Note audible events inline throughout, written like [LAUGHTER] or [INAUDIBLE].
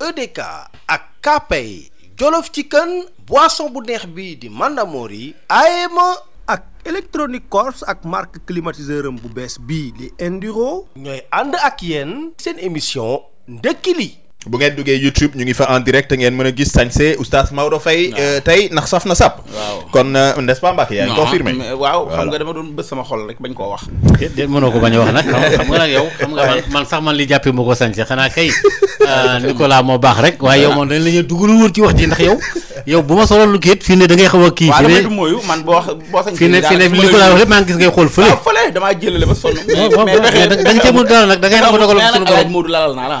EDK ak KPAY Jolof ci Chicken boisson bu neex bi di Mandamori AM ak Electronic Corps ak marque climatiseur am bu bees bii di indiro ñooy ànd ak yéen seen émission ndekki li bu ngeen duggee YouTube ñu ngi fa en direct ngeen mën a gis sañse oustaz Maodo Faye tey ndax saf na sàpp waaw kon n'est-ce pas Mbacke yaa ngi confirmé waaw xam nga dama doon bës sama xol rek bañ koo wax déet mënoo ko bañ a wax nag xam nga nag man sax man li jàppee ma ko sañse xanaa kay Nicolas moo baax rek waaye yow moom dañ la lu wóor ci wax ji ndax yow yow bu ma solo lu fii ne da ngay xaw a kii fii ne mooyu man boo wax boo sañ fii ne fii ne Nicolas wax lépp maa ngi gis ngay xool fële fële damaa jëlale ba sonn da nga cee mën dara nag da ngay na ko dogal suñu borom Moodu lalal naa la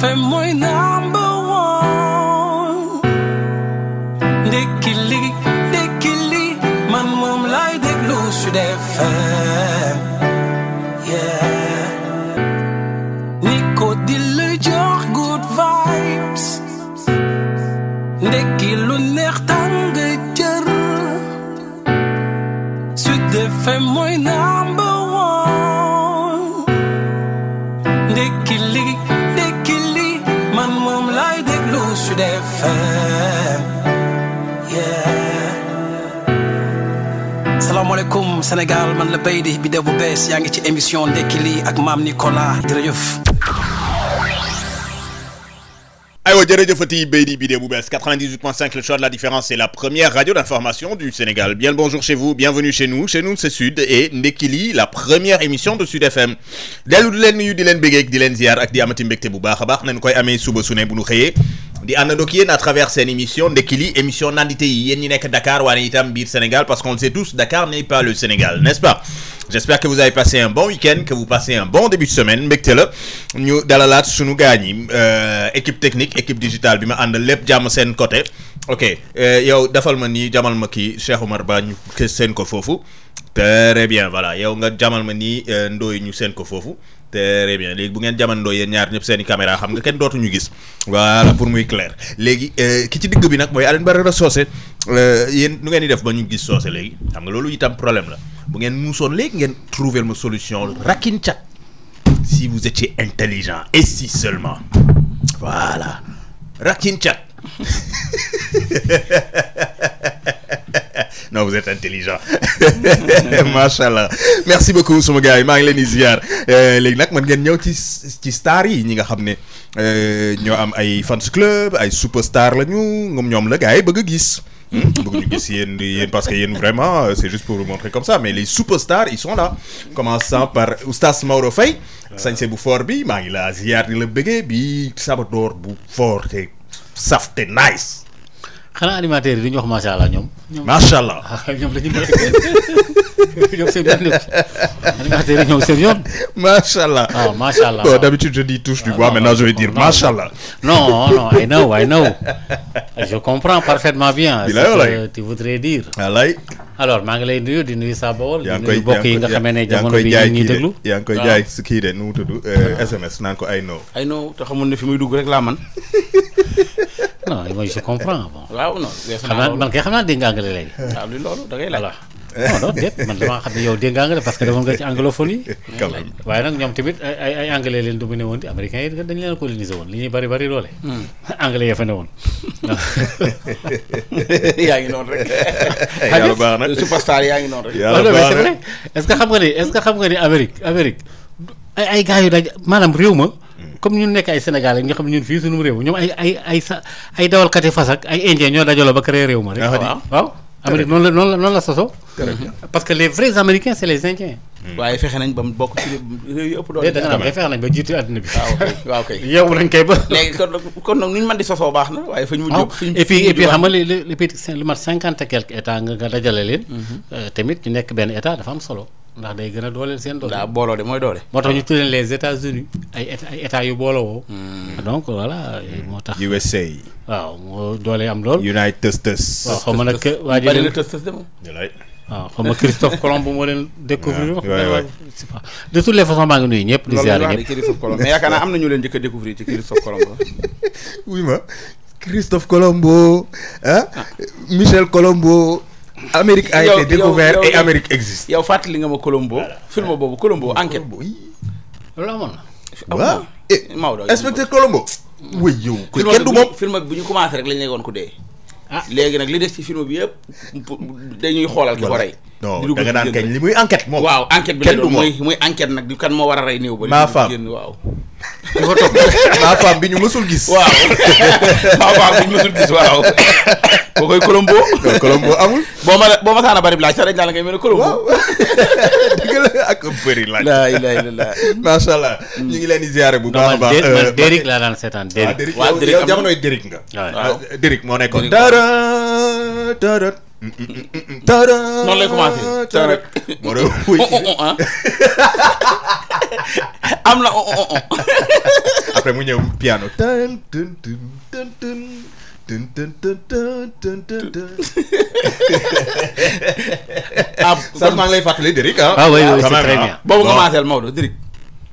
fais-moi une Sénégal man la bay di bi def bu bees yaa ngi ci émission ndekki lii ak maam Nicolas jërëjëf. aywa jërëjëfati Beydi Bidé bu bees 98.5 le choix de la différence c'est la première radio d'information du Sénégal bien le bonjour chez vous bienvenue chez nous la première émission de Sud FM dellu di leen nuyu di leen bégeeg di leen ziar ak di amati bu baax a baax nañu koy amee suba su ne bu ñu xëyee. di àndandoo ak yéen à travers seen émission ndekki li émission nandite yi yéen ñi nekk Dakar waane tam biir Sénégal parce qu'on le sait tous Dakar n'est pas le Sénégal n'est-ce pas j'espère que vous avez passé un bon week que vous passez un bon début semaine mbégte la ñu dalalaat suñu gaañ yi euh, équipe technique équipe digitale bi ma àndal lépp jàmm seen côté ok euh, yow defal ma nii jamal ma kii Cheikh Omar Ba ñu seen ko foofu très bien voilà yow nga jamal ma nii euh, ndooy ñu seen ko foofu très bien léegi bu ngeen jamandoo yéen ñaar ñëpp seeni i xam nga kenn dootuñu gis voilà pour muy clair léegi euh, ki ci digg bi nag mooy Alioune Barara Socé euh, yéen nu ngeen di def ba ñu gis Socé léegi xam nga loolu itam problème la bu ngeen muusoon léegi ngeen trouver ma solution rakkin cat si vous étiez intelligent et si seulement voilà rakin cat [LAUGHS] vous êtes intelligent [LAUGHS] macha allah merci beaucoup sama gars yi maa ngi leen di ziar euh, léegi nag mën ngeen ñëw ci ci star yi ñi nga xam ne euh, ñoo am ay fans club ay superstar la ñu ñoom la gars yi bëgg a gis. Hmm? bëgg ñu gis yéen yéen parce que yéen vraiment euh, c'est juste pour vous comme ça mais les superstars ils sont là commençant par Oustaz maro fay sañse bu fort bi maa ngi la ziar di la bëggee bi sabadoor bu fort te saf te nice xanaa animateurs yi du ñu wax macha ñoom. macha allah [LAUGHS] ah, ñoom la ñu mën a [LAUGHS] ñoom seen benn animateurs yi ñoom seen yoon. macha allah waaw ah, macha allah. bon d'habitude ah, non I know I know [LAUGHS] je comprends parfaitement bien. ce que voudrais dire. walaay. alors maa ngi lay nuyu di nuyu Sa Baol. yaa ngi koy bokk yi nga xamee ne jamono bi ñuy déglu. yaa ngi koy jaay si kii de nu mu tudd SMS euh, naan ko I know. te xamul ne fi muy dugg rek laa man non mooy je comprends waaw non xam naa man kay xam naa dégg nga anglais léegi. waaw li loolu da man damaa xam ne yow dégg nga parce que demoon nga ci anglophone yi. [LAUGHS] waaye nag ñoom tamit ay ay anglais leen dominé woon di américains yi dañ leen a colonisé woon li ñuy bari bari doole. Hmm. [LAUGHS] anglais ya fa ne woon. [LAUGHS] yaa ngi noonu rek. yàlla baax na yaa ngi noonu rek. yàlla baax na est-ce que xam nga ni est-ce que xam nga ni Amérique Amérique ay ay gars yu daj maanaam réew ma. comme ñun nekk ay Sénégalais nga xam ñun fii suñu réew ñoom ay ay ay dawalkati fas ay indien ñoo dajaloo ba créé réew ma rek. Ah, waaw Amérique noonu la noonu la noonu sosoo. Mm-hmm. parce que les vrais américains c'est les indiens. Mm. waaye fexe nañ ba mu bokk nañ ba jiitu àdduna bi. Ah, ah, [LAUGHS] waaw kay waaw kay. yow lañ koy ba. léegi kon kon nag nu ñu mën di sosoo baax na waaye fu ñu mujj. fu ñu xam nga li mat cinquante et quelques états nga nga dajale leen. Mm-hmm. Euh, tamit ñu nekk benn état dafa am solo. ndax day gën a dooleel seen doole. daa booloo de mooy doole. moo tax ñu tuddee les États-Unis ay état ay états yu booloo. Hmm. donc voilà moo tax. USA. waaw moo doole am lool. United tës tës. waaw xaw ma nag waa ji leen tës tës de moom. waaw maa ngi nuyu ñëpp. di ziare a découvrir ci [LAUGHS] ma Christophe Colombo ah Colombo. Amérique a été découverte et Amérique existe. yow fàttali nga ma Colombo. film boobu Colombo enquête. loolu amoon na. waaw eh Maodo inspecteur Colombo. way yow kenn du moom film bi bu ñu commencé rek lañ woon ku dee. ah léegi nag li des ci film bi yëpp dañuy xoolal ki ko rey. non da nga naan kañ li muy enquête moom. waaw enquête nag di kan moo war a rey néew ba. maa faam génn waaw. [LAUGHS] maa faam [LAUGHS] [LAUGHS] bi ñu mësul gis. waaw maa faam bi ñu mësul waaw. boo koy colombo. colombo boo ma la boo ma saana bari laaj sax dañ naan la ngay mel ne ak bëri laaj. laa ilaaha illallaah. macha mm. ñu ngi leen di ziare bu baax a baax. non euh, laa daan seetaan Dérick. waaw ah, Dérick yow jamonoy Dérick ah, moo nekkoon. tërë. noonu lay commencé tërë. moo doon wuy am na on on on. après mu ñëw piano. tën tën tën tën tën. tën tën tën tën tën tën. ah. sax maa ngi lay fàttali Derrick ah. ah oui oui c'est très bien. boobu commencé Maodo Derrick.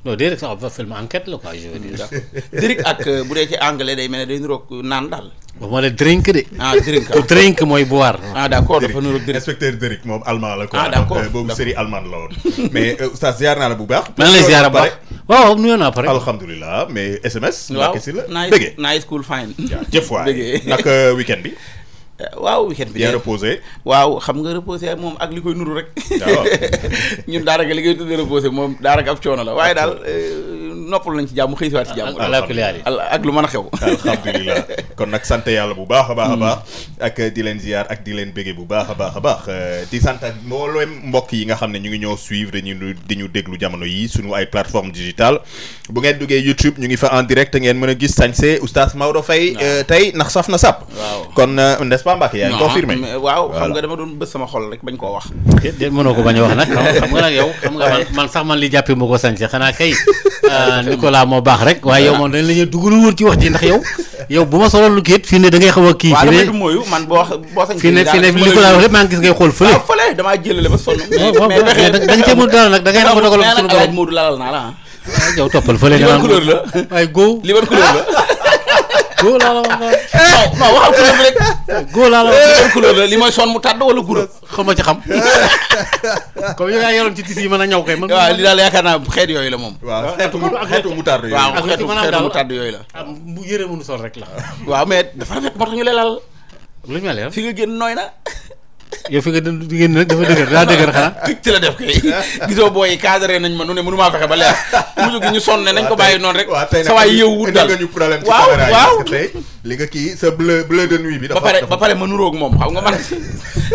non déedéet sax ba film enquête la quoi je veux dire. [LAUGHS] ak euh, bu dee ci anglais day mel ne day niroog naan daal. ba ma ne drink de. Ah, ah. drink mooy boire. ah d' accord dafa niroog drink moom allemand la. ah d' accord euh, boobu série allemand la woon. mais euh, oustaz ziar la bu baax. man lay ziar bu baax waaw nuyoo naa pare. alhamdulilah mais SMS. waaw naa la bëggee naa school fine. jëf waay naka weekend bi. waaw weekend bi de reposé waaw xam nga reposé moom ak li koy nuru rek [LAUGHS] ñun daanaka li ngay tuddee reposé moom daanaka ab coono la waaye daal euh, noppal nañ ci jàmm xëy si waat ci jàmm ak lu mën a xew kon nag sant yàlla bu baax a baax a hmm. baax ak di leen ziar ak di leen bége bu baax a baax a baax euh, di sant mboolem mbokk yi nga xam ne ñu ngi ñoo suivre ñu di ñu déglu jamono yi suñu ay plateforme digitale bu ngeen duggee YouTube ñu ngi fa en direct ngeen mën a gis sañse oustaz Maodo fay euh, tey ndax saf na sap kon n'est-ce pas Mbacke yaa ngi confirmé waaw xam koo wax déet mënoo ko bañ a wax nag xam nga nag yow xam nga man man sax man li jàppee ma ko sañse xanaa kay euh, [LAUGHS] Nicolas moo baax rek waaye yow la ñuy dugg lu wóor ci wax ji ndax yow yow bu ma solo da ngay xaw a da da ngay nangu dogal suñu borom Moodu lalal naa la ah. Ah, yow toppal fële nga la waaye góo li ban couleur la góo laa la wax eh, non waxal couleur góor laa la wax eh, li mooy son mu tàdd wala gura xam ma ci xam [LAUGHS] comme yow yaa yoroon ci tis yi mën a ñaw kay man waaw li daal yaakaar naa xeet yooyu la moom waaw ah, xeetu mu tàdd yooyu waaw xeetu mu tàdd yooyu la bu ah, yëre mënu sol rek la waaw mais dafa rafet moo tax ñu leelal lu ñu ma leeral fi nga génn nooy na yow fi nga dafa dëgër daa dëgër xanaa. ci la def kay gisoo booy yi nañ ma nu ne mënu fexe ba leer mujj gi ñu sonne nañ ko bàyyi noonu rek. sa bleu bleu de bi. dafa ba pare ba pare ma nuroog moom xam nga man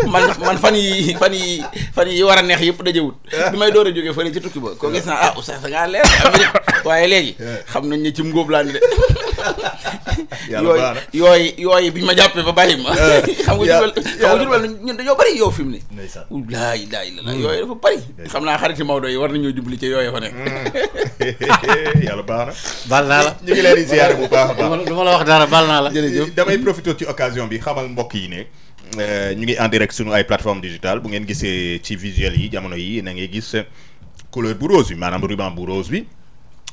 man man fan yi fan yi fan yi war a neex yëpp dajewut. bi may door a jógee fële ci tukki ba ko gis naa ah oustaz da ngaa leer waaye léegi [LAUGHS] xam nañ ne ci ngóob laa ni de. [LAUGHS] yàlla baax na yooyu yooyu yooyu biñ ma jàppee ba bàyyi ma. [LAUGHS] xam nga jubal xam nga jubal dañoo bëri yow fi mu ne. ndeysaan laa ilaaha illallaah mm. yooyu dafa bëri. xam naa xariti Maodo yi war nañoo jubli ci yooyu fa nekk. Mm. [LAUGHS] yàlla baax na. bal naa la ñu ngi leen di ziare bu baax a baax. la wax dara bal naa la. jërëjëf damay profité ci occasion bi xamal mbokk yi ne. Euh, ñu ngi en direct suñu ay plateforme digitale bu ngeen gisee ci visuel yi jamono yi na ngay gis euh, couleur bu rose bi maanaam ruban bu rose bi.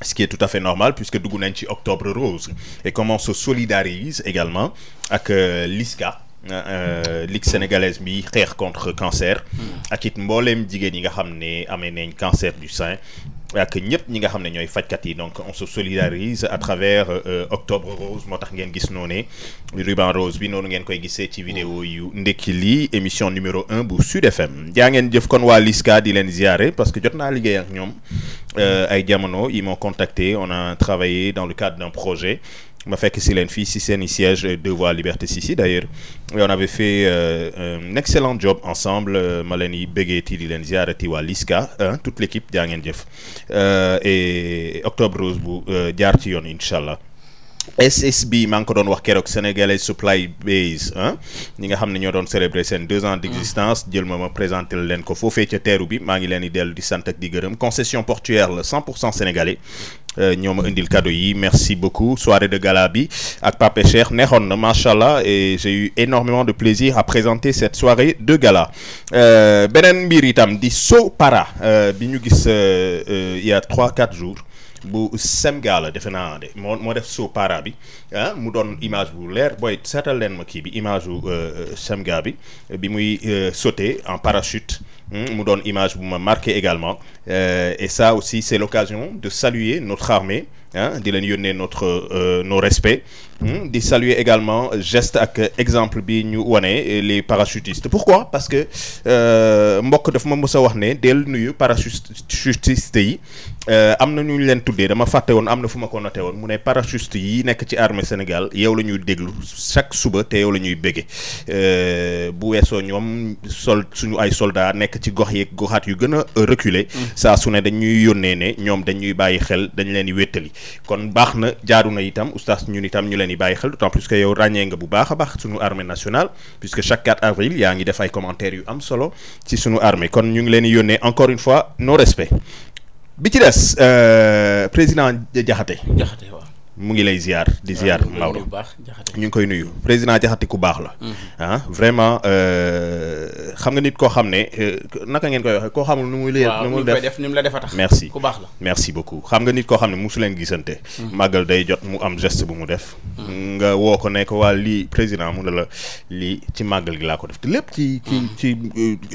ce qui est tout à fait normal puisque dugg nañ ci octobre rose et comment on se également ak euh, l'ISCA Euh, euh, ligue sénégalaise bi xeex contre cancer. ak it mbooleem jigéen yi nga xam ne amee nañ cancer du sein. ak ñëpp ñi nga xam ne ñooy fajkat yi donc on se solidarise à travers euh, octobre rose moo tax ngeen gis noonu ne ruban rose bi noonu ngeen koy gisee ci vidéo yu ndekki li émission numéro un bu Sud FM jaa ngeen jëf kon waa Liska di leen ziare parce que jot naa liggéey ak ñoom ay jamono ils m'ont contacté on a travaillé dans le cadre d'un projet ma fekk si leen fii si seen seeni siège deux voies liberté si si d'ailleurs et on avait fait euh, un excellent job ensemble euh, ma leen yi bëggeeti di leen ziarati waa Liska toute l'équipe jaa ngeen jëf euh, et octobre rose bu euh, jaar ci yoon incha allah SSB maa ngi ko doon wax keroog sénégalais supply base ñi nga xam ne ñoo doon célébrer seen deux ans d'existence jël ma ma présenté leen ko foofee ca teeru bi maa ngi leen di dellu di sant ak di gërëm concession portuaire la 100 pour cent sénégalais Euh, ñoo ma indil cadeau yi merci beaucoup soirée de gala bi ak Pape Cheikh neexoon na macha allah et j'ai eu énormément de plaisir à présenter cette soirée de gala euh, beneen mbir itam di so para euh, bi ñu gis il y a trois quatre jours. bu Semga la defe naa moo def soo para bi ah mu doon image bu leer booy seetal leen ma kii bi image bu Semga bi bi muy sauter en parachute. Hmm, mu doon image bu ma marqué également euh, et ça aussi c'est l'occasion de saluer notre armée ah di leen yónnee notre euh, nos respects Hmm, di saluer également euh, gest ak exemple bi ñu wone wane euh, les pour pourquoi parce que euh, mbokk daf ma mës a wax ne dellu nuyu parachutiste yi am na ñu leen tuddee dama fàtte woon am na fu ma ko noté woon mu ne parachutiste yi nekk ci arme Sénégal yow la ñuy déglu chaque suba te yow la ñuy bége bu weesoo ñoom sol suñu ay soldats nekk ci gox yeeg goxaat yu gën a reculé hmm. saa su ne dañuy yónnee ne ñoom dañuy bàyyi xel dañ leen di wéttali kon baax na jaaru na itam oustaz leen bàyyi xel d'autant plus que yow ràññee nga bu baax a baax sunu armée nationale puisque chaque 4 avril yaa ngi def ay yu am solo ci sunu armée kon ñu ngi leen yónnee encore une fois nos respects bi ci des euh, président Diakhaté. mu ngi lay ziar di ziar Maodo ñu ngi koy nuyu président Jaxate ku baax la mm-hmm. ah vraiment euh, xam nga nit koo xam ne euh, naka ngeen koy koo xamul nu nu muy mu la def merci ku baax la merci beaucoup xam nga nit koo xam ne mosu leen gisante mm-hmm. màggal day jot mu am geste bu mu def mm-hmm. nga woo ko ne ko waa lii président mu ne la lii ci màggal gi laa ko def te lépp ci ci ci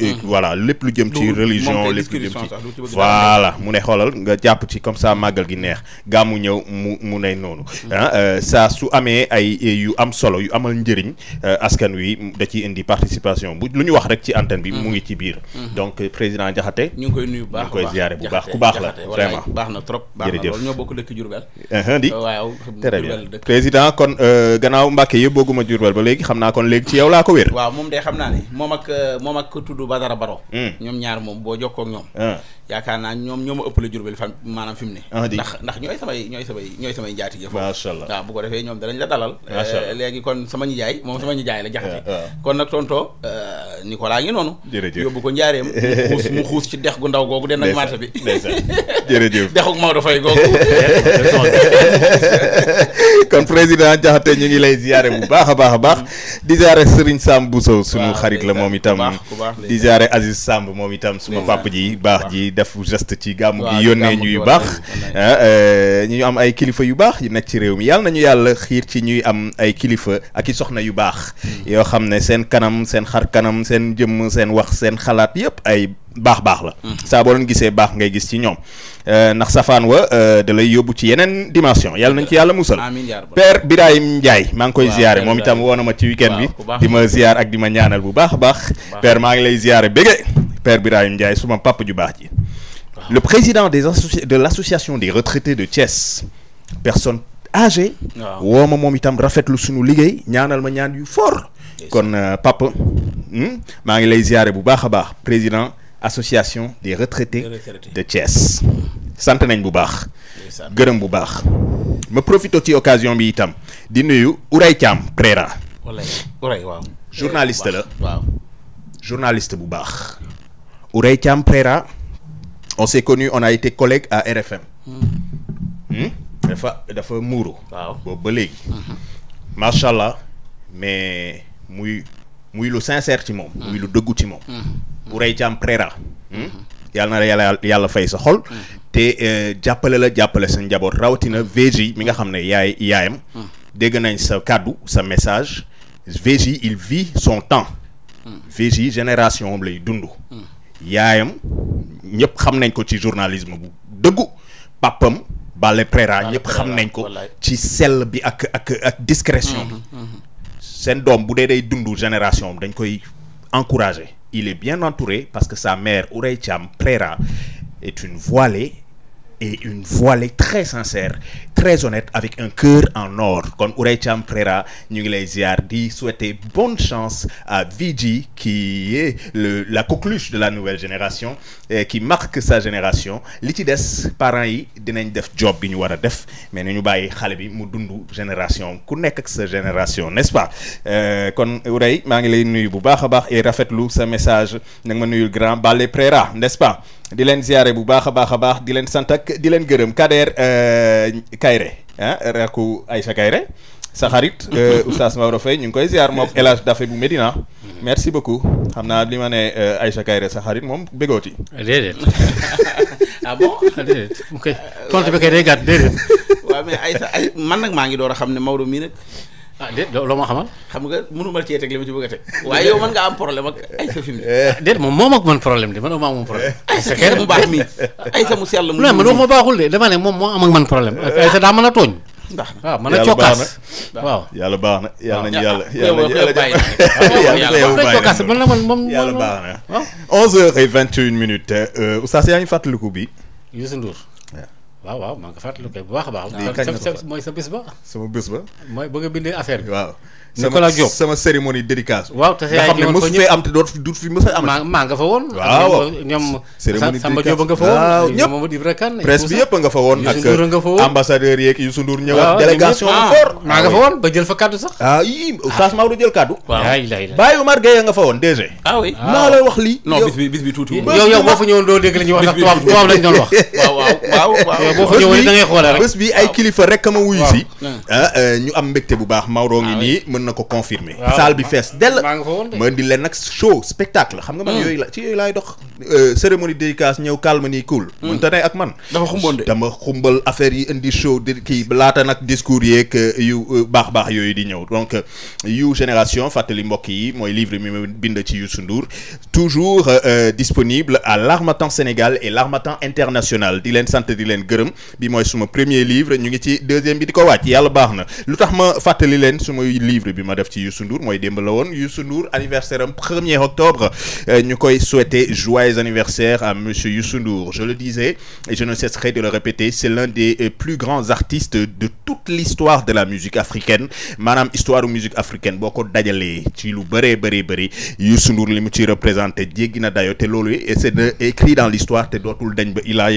euh, voilà lépp lu jëm ci religion lépp lu jëm ci voilà mu ne xoolal nga jàpp ci comme ça màggal gi neex gàmmu ñëw mu mu ne noonu ah euh, saa su amee ay yu am solo yu amal njëriñ euh, askan wi da ciy indi participation bu lu ñu wax rek ci antenne bi mu mm-hmm. ngi ci biir mm-hmm. donc euh, président Diakhaté ñu ngi koy nuyu bu baax ñu ngi koy ziare bu baax ku baax la vraiment baax na trop baax na lool ñoo bokk dëkk Diourbel uh-huh, di waaw très bien président kon gannaaw Mbàkke yëpp booguma ba léegi xam naa kon léegi ci yow laa ko wér waaw moom de xam naa ne moom ak moom ak tudd Badara Baro hmm. ñoom ñaar moom boo jokkoo ak ñoom ah. yaakaar naa ñoom ñoo ma ëppale Diourbel fan maanaam fi ne ah, ndax ndax ñooy samay ñooy samay ñooy samay njaati jëf macha allah waaw bu ko defee ñoom danañ la dalal eh, léegi kon sama nijaay moom sama nijaay la jaxate kon nag tonto eh, Nicolas ngi noonu yóbbu ko njaareem [LAUGHS] xuus ci dex gu ndaw googu den ak marché bi [LAUGHS] jërëjëf dexuk Maodo Faye googu [LAUGHS] kon président jaxate ñu ngi lay ziyaare bu baax a baax a baax mm-hmm. di ziyaare Serigne bu Bousso suñu xarit la moom itam di ziyaare Aziz Samb moom itam suma pap ji baax ji def geste ci gàmm gi yónnee ñu yu baax ah, eh, ñu am ay kilifa yu baax yi nekk ci réew mi yàlla ñu yàlla xiir ci ñuy am ay kilifa ak i soxna yu baax mm-hmm. yoo xam ne seen kanam seen xar kanam seen jëm seen wax seen xalaat yépp ay baax baax la mm-hmm. saa boo leen gisee baax ngay gis ci ñoom euh, ndax safaan wa euh, da lay yóbbu ci yeneen dimension yàlla nañ ci yàlla musal père Birahim Ndiaye maa ngi koy ziyaare moom itam woona ma ci weekend bi di ma ziyaar ak di ma ñaanal bu baax a baax père maa ngi lay ziyaare bége père Birahim Ndiaye suma pàpp ju baax ji le président personne âgée. Ah. woo ma moom itam rafetlu suñu liggéey ñaanal ma ñaan yu fort. kon euh, papa hmm? maa ngi lay ziare bu baax a baax président association des retraités de Thiès. sant nañ bu baax. gërëm bu baax. ma profité ci occasion bi itam di nuyu Ouray Thiam Préra. Ouray journaliste la waaw. journaliste bu baax. Ouray Thiam Préra on s'est connu on a été collègue à RFM. Hmm. Hmm? dafa dafa muuru. waaw boobu ba léegi. macha allah mais muy muy lu sincère ci moom. muy lu dëggu ci moom. bu rey ci am préra. yàlla na yàlla yàlla fay sa xol. te euh, jàppale la jàppale sa njaboot rawatina VJ mi nga xam ne yaay yaayam. dégg nañ sa kàddu sa message. VJ il vit son temps. VJ génération lay dund. yaayam ñëpp xam nañ ko ci journalisme bu dëggu pàppam Bale Préra ñëpp xam nañ ko ci sell bi ak ak ak discrétion bi mm-hmm, mm-hmm. seen doom bu dee day dund génération dañ koy encourager il est bien entouré parce que sa mère Ourey Thiam Préra est une voilée et une voix très sincère très honnête avec un cœur en or kon Houraye Thiam Préra ñu ngi lay ziar di souhaiter bonne chance à Vigi qui est la coqueluche de la nouvelle génération et qui marque sa génération li ci des parents yi dinañ def job bi ñu war a def mais nu ñu bàyyi xale bi mu dund génération ku nekk ak sa génération n'est-ce pas euh, kon Houraye maa ngi lay nuyu bu baax a baax et rafetlu sa message nag ma nuyul grand Bale Préra n'est-ce pas di leen ziare bu baax a baax a baax di leen sant ak di leen gërëm Kader euh, Kayre ah rakku Aïcha Kayre sa xarit euh, oustaz Maodo Faye ñu ngi koy ziar moom El Hadj Dafe bu Medina. merci beaucoup xam naa li ma ne euh, Aïcha Kayre sa xarit moom bëggooti. déedéet [LAUGHS] ah bon [LAUGHS] déedéet ok tontu bi kay day gàtt déedéet. waaw [LAUGHS] mais Aïcha ay man nag maa ngi door a xam ne Maodo mii nag. ah déet loo ma xamal. xam nga mënu ma cee teg li ma ci bëgg a teg. waaye yow mën nga am problème ak Aïssa fi mu. Eh, eh. ah, déet moom moom ak man problème de man maa moom problème. Eh. Aïssa kenn mu baax mi Aïssa mu sell mu. de moom moo am ak man problème Aïssa daa mën a tooñ. ndax ah, a man la man moom baax na onze heures et vingt et une minutes euh, oustaz yaa ngi fàttaliku bi Youssou Ndour waaw waaw maa ngi fàttaliku bu baax a baax. waaw sa bés ba. sama bés ba. mooy bëgg a bindee affaire bi. waaw Nicolas Diop sama cérémonie dédicace. waaw a am. maa waaw ñoom maa nga fa woon ba jël fa kaddu sax. ah yii ah. Oustaz Maodo jël kaddu. waaw Baye Omar Gueye nga fa woon DG. Ah, ah. maa la wax lii. non bis bi tuuti yow la ñuy wax [LAUGHS] boo fa ñëwee da ngay bi ay kilifa rek ma wuyu si. Ah, euh, ñu am mbégte bu baax Maodo ngi ah, nii mën na ko confirmer. salle bi fees dell. ma indi leen nag show spectacle xam nga man hmm. yooyu la dox. Euh, cérémonie dédicace ñëw calme nii cool. Hmm. mënta ne ak man. dafa xumboon de dama xumbal affaire yi indi show di kii laata nag discours yeeg euh, yu baax baax yooyu di ñëw donc yu génération fàttali mbokk yi mooy livre mi ma bind ci Youssou Ndour toujours disponible à l'Harmattan Sénégal et l'Harmattan international di leen sant di leen jëkkëram bi mooy suma premier livre ñu ngi ci deuxième bi di ko wàcc yàlla baax na lu tax ma fàttali leen suma livre bi ma def ci Youssou Ndour mooy démb la woon Youssou Ndour anniversaire am premier octobre euh, ñu koy souhaiter joyeux anniversaire à monsieur Youssou Ndour je le disais et je ne cesserai de le répéter c'est l'un des euh, plus grands artistes de toute l'histoire de la musique africaine maanaam histoire musique africaine boo ko dajalee ci lu bëree bëri bëri Youssou Ndour li mu ciy représenté jéggi na dayo te loolu et c'est écrit dans te dootul dañ ba ilaa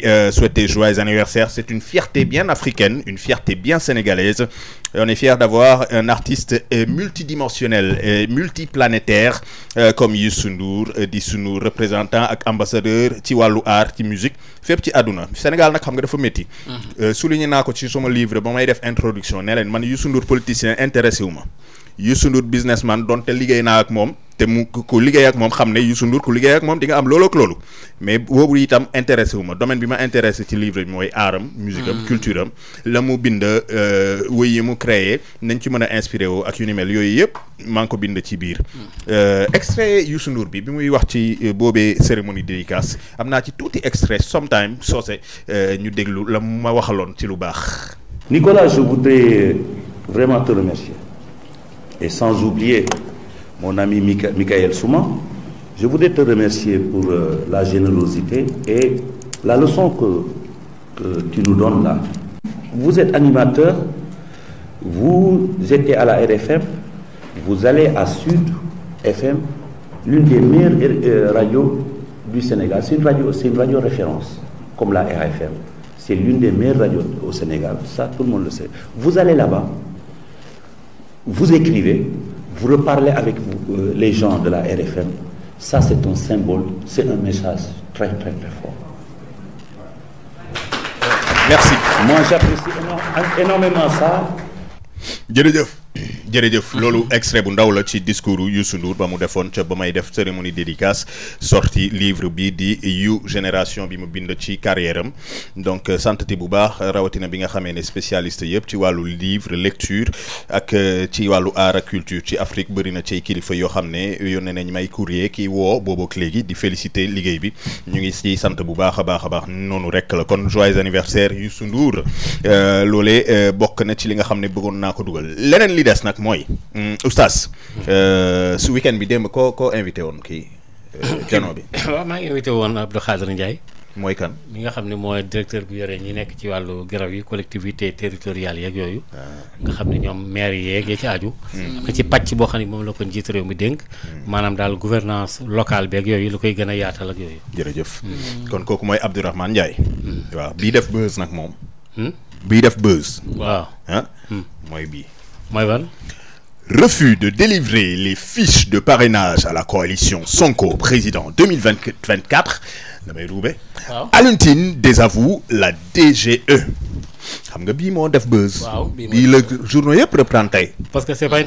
koy euh, souhaiter joyeux anniversaire c'est une fierté bien africaine une fierté bien sénégalaise et on est fier d'avoir un artiste euh, multidimensionnel multiplanétaire euh, comme Youssou di sunu représentant ak ambassadeur ci wàllu art ci musique fépp ci àdduna Sénégal nag xam nga dafa métti mhm. souligné naa ko ci sama livre ba may def introduction ne leen man Youssou Ndour politicien intéressé ma Youssou Ndour businessman donte liggéey naa ak moom te mu ku liggéey ak moom xam ne Youssou Ndour ku liggéey ak moom di nga am loolu ak loolu mais boobu itam intéressé wu ma domaine bi ma intéressé ci livre bi mooy aaram musique am mm. culture am la mu bind euh, wëy yi mu créé nañ ci mën a inspiré woo ak yu ni yooyu yëpp maa ngi ko bind ci biir mm. euh, extrait Youssou Ndour bi bi muy wax ci euh, boobee cérémonie dédicace am naa ci tuuti extrait sometime soose ñu déglu la ma waxaloon ci lu baax Nicolas je voudrais vraiment te remercier et mon ami Mika Michael Souman, je voudrais te remercier pour euh, la générosité et la leçon que, que tu nous donnes là. Vous êtes animateur, vous étiez à la RFM, vous allez à Sud FM, l'une des meilleures euh, radios du Sénégal. C'est une radio, c'est une radio référence, comme la RFM. C'est l'une des meilleures radios au Sénégal. Ça, tout le monde le sait. Vous allez là-bas, vous écrivez, vous reparlez avec euh, les gens de la RFM, ça c'est un symbole, c'est un message très très très fort. Merci. Moi j'apprécie énormément ça. jërëjëf jërëjëf loolu extrait bu ndaw la ci discours yu sunduur ba mu defoon ca ba may def cérémonie dédicace sorti livre bi di You génération bi mu bind ci carrière am donc euh, santati bu baax rawatina bi nga xamee ne spécialiste yëpp ci wàllu livre lecture ak euh, ci wàllu art ak culture ci Afrique bëri na ci kilifa yoo xam ne yónnee nañ may courrier ki woo boobook léegi di félicité liggéey bi ñu ngi ciy sant bu baax a baax a baax noonu rek la kon joyeux anniversaire Youssou Ndour euh, loolee bokk na ci li nga xam ne bëggoon naa ko dugal leneen li des nag mooy euh, oustaz. Euh, su weekend bi démb koo koo invité woon ki jano euh, bi. [COUGHS] waaw maa invité woon Abdou Khadir Ndiaye. mooy kan mi nga xam ne mooy directeur bu yore ñi nekk ci wàllu garab yi collectivité territoriale yeeg yooyu. Ah. nga xam ne ñoom mair yeeg ya ci aju. am hmm. ci pàcc boo xam ne moom la ko njiit réew mi dénk. Hmm. maanaam daal gouvernance locale beeg yooyu lu koy gën a yaatal ak yooyu. jërëjëf. Hmm. kon kooku mooy Abdourahmane Ndiaye. waaw bii def buzz nag moom. bii def buzz. mooy ban. refus de délivrer les de parrainage à la coalition Sonko président 2024 damay ruube. waaw Alioune Tine désavoue la DGE. xam nga bii moo def buzz. waaw bii la journaux yëpp reprendre tey. parce que c'est pas [LAUGHS]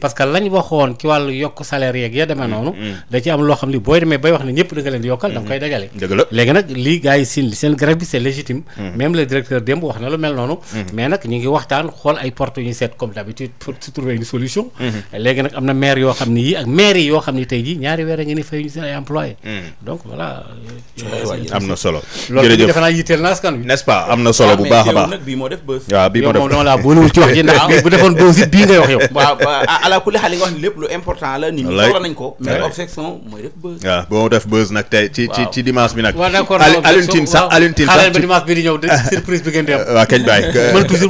parce que lañ waxoon ci wàllu yokk salaire ya demee mm, noonu mm. da ci am loo xam ni booy demee bay wax ne ñëpp da leen yokkal da mm, koy dajale léegi nag lii gars yi seen grève bi c'est légitime même le directeur démb wax na lu mel noonu mais nag ñi ngi waxtaan xool ay porte ñu seet comme d'habitude pour trouver une solution mm-hmm. léegi nag am na maire yoo xam ne yi ak maire yoo xam ne tey jii ñaari weer ngi ni fay ñu seen ay donc voilà am na solo loolu [LAUGHS] ala kulli xaal li nga wax lépp lu important la. nit ñi soxla nañ def buzz. ci ci ci dimanche bi nag. waaw d'accord Alioune Tine sax Alioune Tine sax bi di de surprise bi ngeen di am.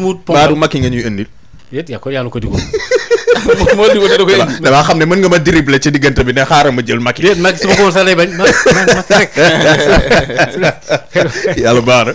mu pompe Badou Macky nga ñuy indil. yaa ko ko digoo. moo damaa xam ne mën nga ma dribble ci diggante bi ne xaaral ma jël Macky. yéen Macky ma ko woon sax day baax na.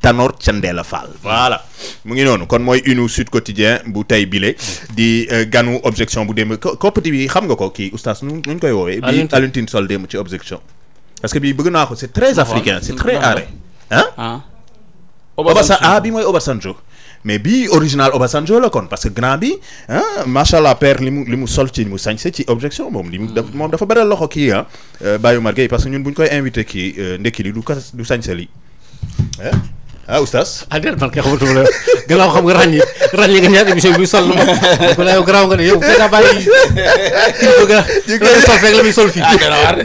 Tanor Thiendella Fall voilà mu ngi noonu kon mooy une Sud Quotidien bu tey bile di euh, ganu objection bu démb coppite bi xam nga ko kii oustaz nu ñu koy woowee bi Alioune Tine Sol démb ci objection parce que bii bëgg naa ko c'est très ah, africain c'est très aaré ah Obasanjo ah bi mooy Obasanjo mais bii original Obasanjo la kon parce que grand bi ah macha allah père li mu li mu sol ci li mu sañse ci objection moom. li mu def mm. moom dafa bëri loxo kii ah. Baye Omar Gueye parce que ñun bu ñu koy invité kii euh, ndekki li du kas du sañse li ah oustaz. ah déedéet man kay xam nga ràññi ràññi nga ñaar émission bi sol la ma ko sol fekk la muy sol fii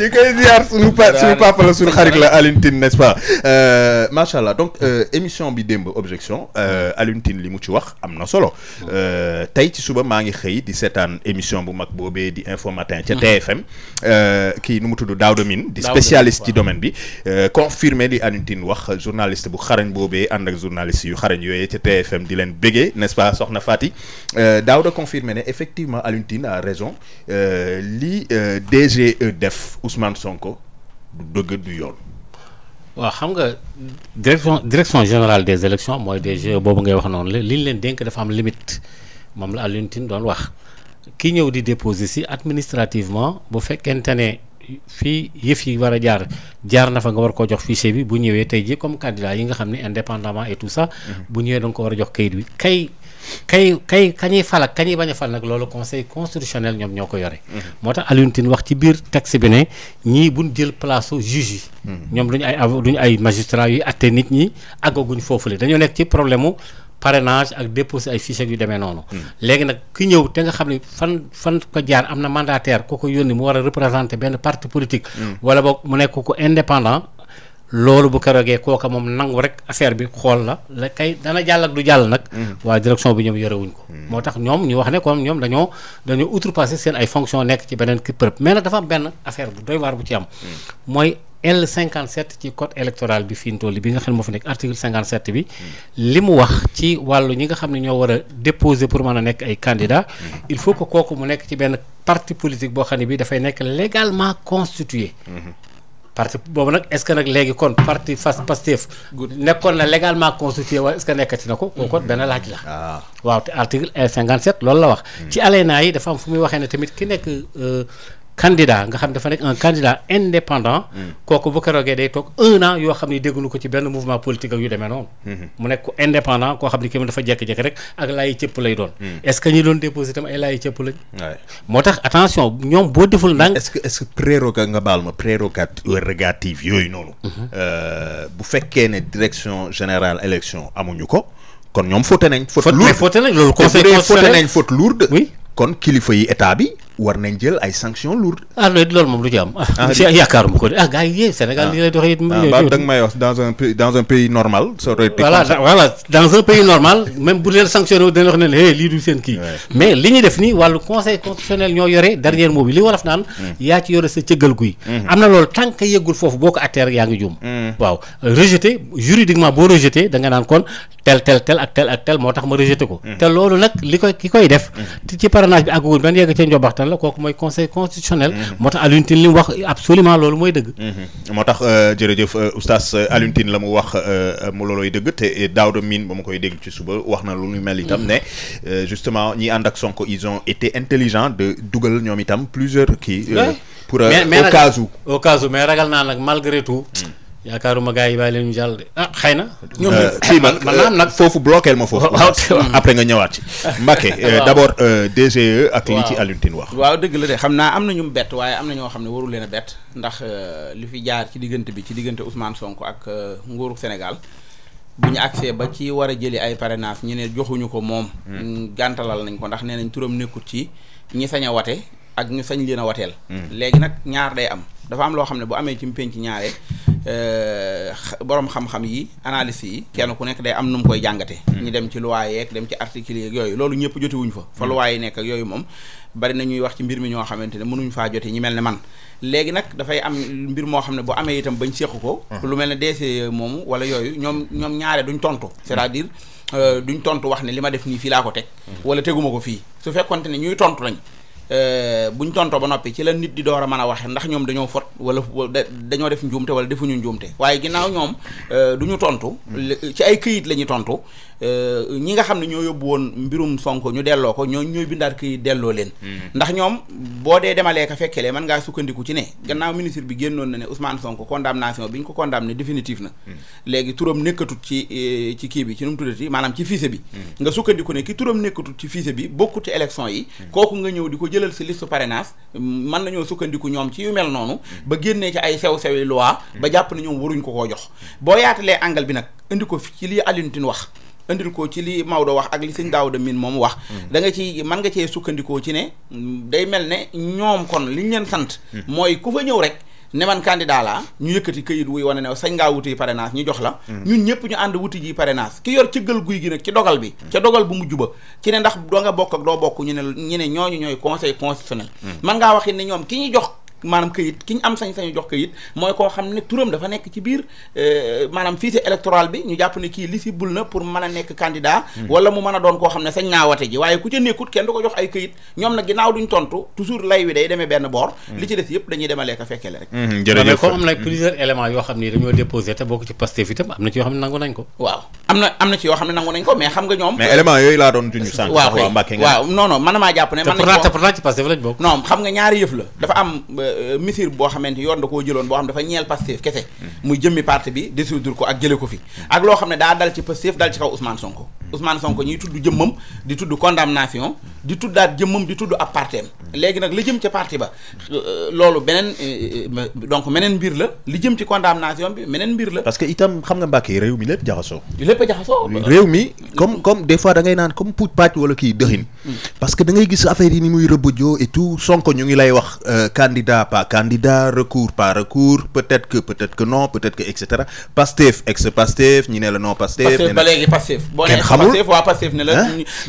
ñu koy ziar suñu pa suñu papa la suñu xarit la Alioune Tine n'est-ce pas eh, allah donc eh, émission bi démb objection eh, Alioune Tine li mu ci wax am na solo tey ci suba maa ngi xëy di seetaan émission bu mag boobee di info matin ca TFM hmm. kii nu mu tudd Daouda Mine di spécialiste ci domaine bi confirmé li Alioune Tine wax journaliste bu xarañ boobu boobee ànd ak journaliste yu xarañ yooyee ca TFM di leen béggee n'est-ce pas soxna Fati euh, daaw da confirmer ne effectivement Alioune a raison euh, li euh, DGE def Ousmane Sonko du dëgg du yoon. waaw xam nga direction direction générale des élections mooy DGE boobu ngay wax noonu la li ñu leen dénk dafa am limite moom la Alioune Tine doon wax ki ñëw di déposer si administrativement bu fekkente ne. fii yëf yi war a jaar jaar na fa nga war koo jox fichier bi bu ñëwee tey ji comme candidat yi nga xam ne indépendamment et tout ça mhm. bu ñëwee da ko war a jox kayit bi kay kay kay kañuy fal bañ a fal nag loolu conseil constitutionnel ñoom ñoo ko yore mhm. moo tax Alioune wax ci biir texte bi ne ñii buñ jël place juge yi mhm. ñoom duñu ay duñu ay magistrat yuy atte nit ñi àggaguñ foofu le dañoo nekk ci problème parrainage ak déposé ay fiches yu demee noonu. Hmm. léegi nag ki ñëw te nga xam ne fan fan ko jaar am na mandataire ku ko yónni mu war a représenter benn parti politique. Hmm. wala boo mu nekk ko indépendant. loolu bu keroogee kooka moom nangu rek affaire bi xool la la kay dana jàll ak du jàll nag. Hmm. waa direction bi ñoom yorewuñ ko. moo tax ñoom ñu wax ne koom ñoom dañoo dañoo outrepassé seen ay fonctions nekk ci beneen kii përëb mais nag dafa am benn affaire bu doy waar bu ci am. L57 ci code électoral bi fi mu bi nga xam moo fi nekk article 57 bi li mu wax ci wàllu ñi nga xam ne ñoo war a déposer pour mën a nekk ay candidat il faut que kooku mu nekk ci benn parti politique boo xam ne bi dafay nekk légalement constitué parti boobu nag est-ce que nag léegi kon parti fas nekkoon na légalement constitué wala est-ce que nekkati na ko mm. kooku benn laaj la ah. waaw te article L57 loolu la wax mm. ci alinéa candidat nga xam dafa nekk un candidat indépendant. Hmm. kooku bu ko roogee day toog un yoo xam ne dégguñu ko ci benn mouvement politique ak yu demee noonu. Hmm. mu nekk ko indépendant koo xam ne kii dafa jekk jékki rek ak laay cëpp lay doon. Hmm. est-ce que ñi doon déposé itam ay laay cëpp lañ. moo tax attention ñoom boo deful ndànk. est que est-ce que prérogative nga baal ma prérogative yooyu noonu. Euh, bu fekkee ne direction général élection amuñu ko. kon ñoom fauté nañ. faute lourde faute nañ loolu conseil constitutionnel kon kilifa yi état bi. war nañ jël ay sanctions lourdes. ah loolu moom lu ci am. ah, ah si ah, yaakaaruma ko de ah gars yi Sénégal li ah. lay doxee it. mais li ñuy def nii wàllu conseil constitutionnel ñoo yore dernier mot bi li war a naan. Mm. yaa ci yore sa cëggal guy. Mm-hmm. am na loolu tant que foofu boo ko atteer yaa ngi juum. Mm. waaw rejeté juridiquement boo rejeté da naan kon tel tel ak tel ak tel moo tax ma rejeté ko. Mm-hmm. te loolu nag li koy ki koy def. Mm-hmm. ci parrainage bi àggagul benn yegg ca kattan la kooku mooy conseil constitutionnel. Mhm. moo tax Alioune Tine li mu wax absolument loolu mooy dëgg. Mhm. moo tax euh, jërëjëf euh, oustaz la mu wax euh, mu loolooy dëgg te Daouda Mine ba ma koy dégg ci suba wax na lu ñu mel itam mhm. ne justement ñi ànd ak Sonko ils ont été intelligents de dugal ñoom itam plusieurs kii. pour a cas où. au cas où mais ragal naa nag malgré tout. yaakaaruma gars yi bàyyi leen ñu jàll de ah xëy na. ñoom kii euh, man man nag foofu bloqueel ma foofu. [LAUGHS] [LAUGHS] après nga ñëwaat ci. Mbacke euh, d' abord euh, DGE ak li ci Alioune Tine wax. waaw dëgg la de xam naa am na ñu bett waaye am na ñoo xam ne warul leen a bett ndax li fi jaar ci diggante bi ci diggante Ousmane Sonko ak nguuru Sénégal bu ñu ba ci war a jëli ay parrainage ñu ne joxuñu ko moom. Hmm. gantalal nañ ko ndax nee nañ turam nekkut ci ñi sañ a wate ak ñu sañ leen a wateel. Hmm. léegi nag ñaar day am dafa am loo xam ne bu amee ci mpénc ñaaree Euh, boroom xam-xam yi analyse yi kenn ku nekk day am nu mu koy jàngate mm. ñu dem ci loi yeeg dem ci article yeeg yooyu loolu ñëpp jotewuñ fa fa mm. loi nekk ak yooyu moom bari na ñuy wax ci mbir mi ñoo xamante ne mënuñ faa jote ñi mel ne man léegi nag dafay am mbir moo xam ne bu amee itam bañ séqu ko mm. lu mel ne deesee moomu wala yooyu ñoom ñoom ñaare duñ tontu c'est-à-dire euh, duñ tontu wax ne li ma def nii fii laa ko teg wala teguma ko fii su fekkonte ne ñuy tontu lañ Euh, buñ tonto ba noppi ci la nit di door a mën a waxe ndax ñoom dañoo fot wala dañoo def njuumte wala defuñu njuumte waaye ginnaaw ñoom euh, du ñu tontu ci ay këyit lañuy tontu Euh, ñi nga xam ne ñoo yóbbu woon mbirum Sonko ñu delloo ko ñoo ñooy bindaat kii delloo leen hmm. ndax ñoom boo dee demalee ka fekkelee man ngaa sukkandiku ci ne gannaaw ministre bi génnoon na ne Ousmane Sonko condamnation bi ñu ko condamné définitif na hmm. léegi turam nekkatut ci eh, ci kii bi ci nu mu tuddati maanaam ci fiise bi hmm. nga sukkandiku ne ki turam nekkatut ci fiise bi bokkut ci élection yi kooku nga ñëw di ko jëlal si liste parrainage na nañoo sukkandiku ñoom ci yu mel noonu ba génnee ci ay sew-sewi loi ba jàpp na ñoom waruñ ko koo jox boo yaatalee angle bi nag indi ko ci lii Alioune wax indil ko ci li Maodo wax ak li sëñ Daawda Mine moom wax mm. da nga ci mën nga cee sukkandikoo ci ne day mel ne ñoom kon liñ leen sant mm. mooy ku fa ñëw rek ne man candidat laa ñu yëkkati këyit wuy wane ne sañ ngaa wuti parrainage ñu jox la mm. ñun ñëpp ñu ànd wuti pare parrainage ki yor cëggal guy gi nag ci dogal bi ca dogal bu mujj ba ci ne ndax doo bokk ak doo bokk ñu ne ñu ne ñooñu ñooy conseil constitutionnel man ngaa waxit ne ñoom ki ñu jox maanaam këyit ki ñu am sañ-sañu jox këyit mooy koo xam ne turam dafa nekk ci biir euh, maanaam fichier électoral bi ñu jàpp ne kii lisible na pour mën a nekk candidat hmm. wala mu mën a doon koo ne sañ naa hmm. ci des yëpp dañuy demalee hmm, ko fekkele rek maa jàpp ne man pourtant ci Pastef lañ bokk Euh, misir boo xamante yoon da koo jëloon boo xam dafa ñeel Pastef kese muy jëmmi parti bi dissoudre ko ak jële ko fi ak loo xam ne daa dal ci Pastef dal ci kaw Ousmane Sonko Ousmane Sonko ñuy tudd jëmmam di tudd condamnation di tuddaat jëmmam di tudd apartem léegi nag li jëm ca parti ba euh, loolu beneen euh, euh, donc meneen mbir la li jëm ci condamnation bi meneen mbir la. parce que itam xam nga Mbàkke réew mi lépp jaxasoo. lépp a jaxasoo. réew mi comme comme des fois naan comme puuj pàcc wala kii dëxin. Mm. parce que ni muy rëbbëjoo et tout Sonko ñu ngi lay wax. candidat pas candidat recours pas recours peut-être et cetera Pastef ex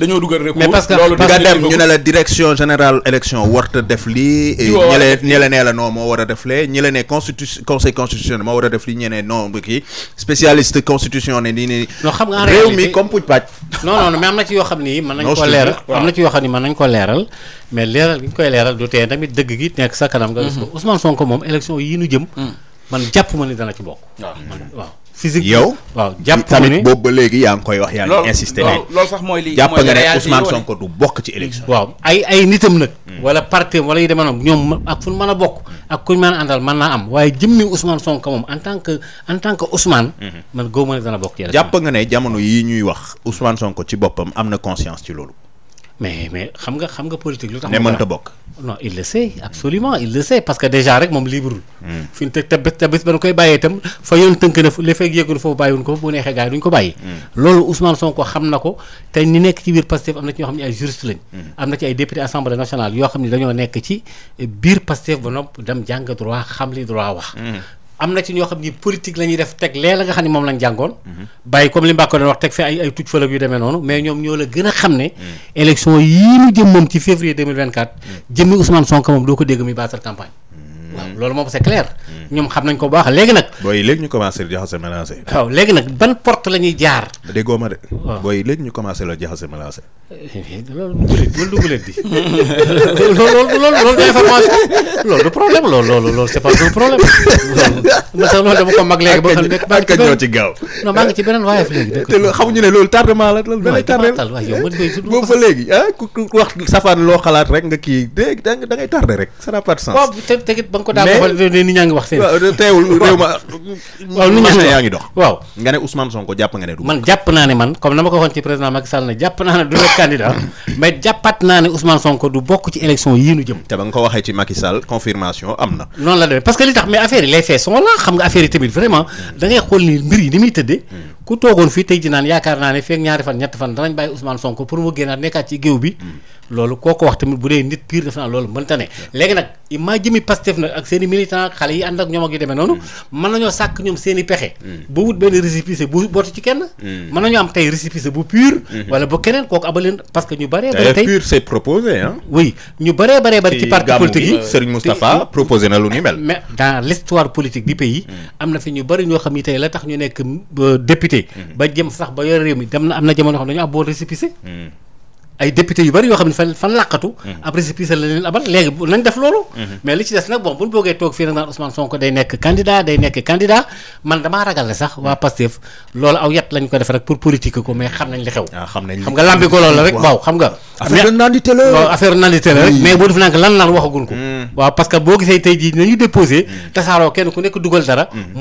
dañoo dugal recours. loolu nga dem ñu ne la direction générale élection. constitution warta def lii ñele ñele nee la non moo war a def lee ñi la ne constitution conseil constitutionnel moo war a def lii ñeneen non bu kii spécialiste constitution ne nii nii non xam nga réew mi comme puj pàcc non non non mais am na ci yoo xam ni mën nañ ko leeral na ci yoo xam ni mën nañ ko leeral mais leeral gi ñu koy leeral du tee tamit dëgg gi nekk sa kanam nga gis ko mhm. Ousmane Sonko moom élection yii nu jëm mhm. man jàpp ma ni dana ci bokk waaw physique yow waaw jàpp tamit boobu ba léegi yaa ngi koy wax yaa ngi insisté ne loolu sax mooy li jàpp nga ne Ousmane Sonko du bokk ci élection waaw ay ay nitam nag hmm. wala parti wala yu demee noonu ñoom ak fu ñu mën a bokk ak kuñ mën a àndal mën naa am waaye jëmmi Ousmane Sonko moom en tant que en tant que Ousmane hmm. man góob ma ne dana bokk ci nga ne jamono yi ñuy wax Ousmane Sonko ci boppam am na conscience ci loolu mais mais xam nga xam nga politique lu tax. ne mënta bokk. non il sait absolument il sait parce que déjà rek moom libre. Hmm. fi mu te te te bés ba nu koy bàyyee itam fa yoon tënk na li fekk yëgul foofu bàyyiwuñ ko bu neexee gars yi duñ ko bàyyi. Hmm. loolu Ousmane Sonko xam na ko te ñi nekk ci biir Pastef am na ci ñoo xam ne ay juriste lañ. Hmm. am na ci ay député assemblée nationale yoo xam ne dañoo nekk ci biir Pastef ba nopp dem jàng droit xam li droit wax. am na ci ñoo xam ni politique la ñuy def teg lee la nga xam ne moom lañ jàngoon. bàyyi comme li Mbacke doon wax teg fi ay tuj fëlëg yu demee noonu mais ñoom ñoo la gën a xam ne. Mm. élection yii ñu jëm moom ci février 2024. Mm. jëmmi Ousmane Sonko moom doo ko dégg muy baatal campagne. waaw loolu moom c'est clair. ñoom xam nañ ko baax léegi nag. booy léegi ñu commencé jaxase mélangé. waaw léegi nag ban porte la ñuy jaar. déggoo ma de. waaw booy ñu commencé la jaxase mélangé. loolu loolu du di. loolu loolu loolu du information loolu du problème loolu loolu loolu c'est pas du problème loolu sax loolu dama ko mag léegi. ba xam ne maa ngi ci ñoo ci gaaw. non maa ngi ci beneen waayaf léegi. te loolu xamuñu ne loolu tardement la loolu. waaw tardement waaw yow mën nga boobu ba léegi ah loo xalaat rek nga kii dégg da ngay tardé rek ça pas de sens. ko daal euh, nit ñaa ngi wax seen teewul [LAUGHS] man jàpp naa ne man comme na ma ko [COUGHS] du bokk ci élection yii jëm te ba nga ko waxee ci Macky confirmation am na noonu la demee parce que li tax mais affaire yi les faits sont là xam nga affaire yi tamit vraiment da xool ni mbir yi ni muy tëddee hmm. ku toogoon fii tey ji yaakaar naa ne feek ñaari fan ñetti fan danañ bàyyi Ousmane Sonko pour mu génnaat nekkaat ci géew bi mm. loolu koo wax tamit bu dee nit pire def naa loolu mënta ne léegi nag maa jëmi Pastef nag ak seen i xale yi ànd ak ñoom ak yu demee noonu mm. mën nañoo sàkk ñoom seen pexe mm. ba wut benn récépissé bu bootu ci kenn mën nañoo am tey récépissé bu pur mm-hmm. wala ba keneen kooku abaleen parce ñu bëree bëri tey pur c'est proposé na lu député. Mm-hmm. ba jëm sax ba yor réew mi dem na am na jamono xam dañu am boo récépissé mm-hmm. ay député yu bari yoo xam ne fan fan làqatu mhm. après récépissé la leen abal léegi nañ def loolu mhm. mais li ci des nag bon buñ boogee toog fii nag naan Ousmane Sonko day nekk candidat day nekk candidat man damaa ragal ne sax waa Pastef loolu aw yat lañ ko def rek pour ko mais xam nañ li xew ah, xam nga lambi ko loolu rek waaw xam nga affaire nandité la rek mais boo def nank lan naan waxagun ko hmm. waaw parce boo gisee tey jii nañu déposé hmm. tasaaroo kenn ku nekk dugal dara hmm.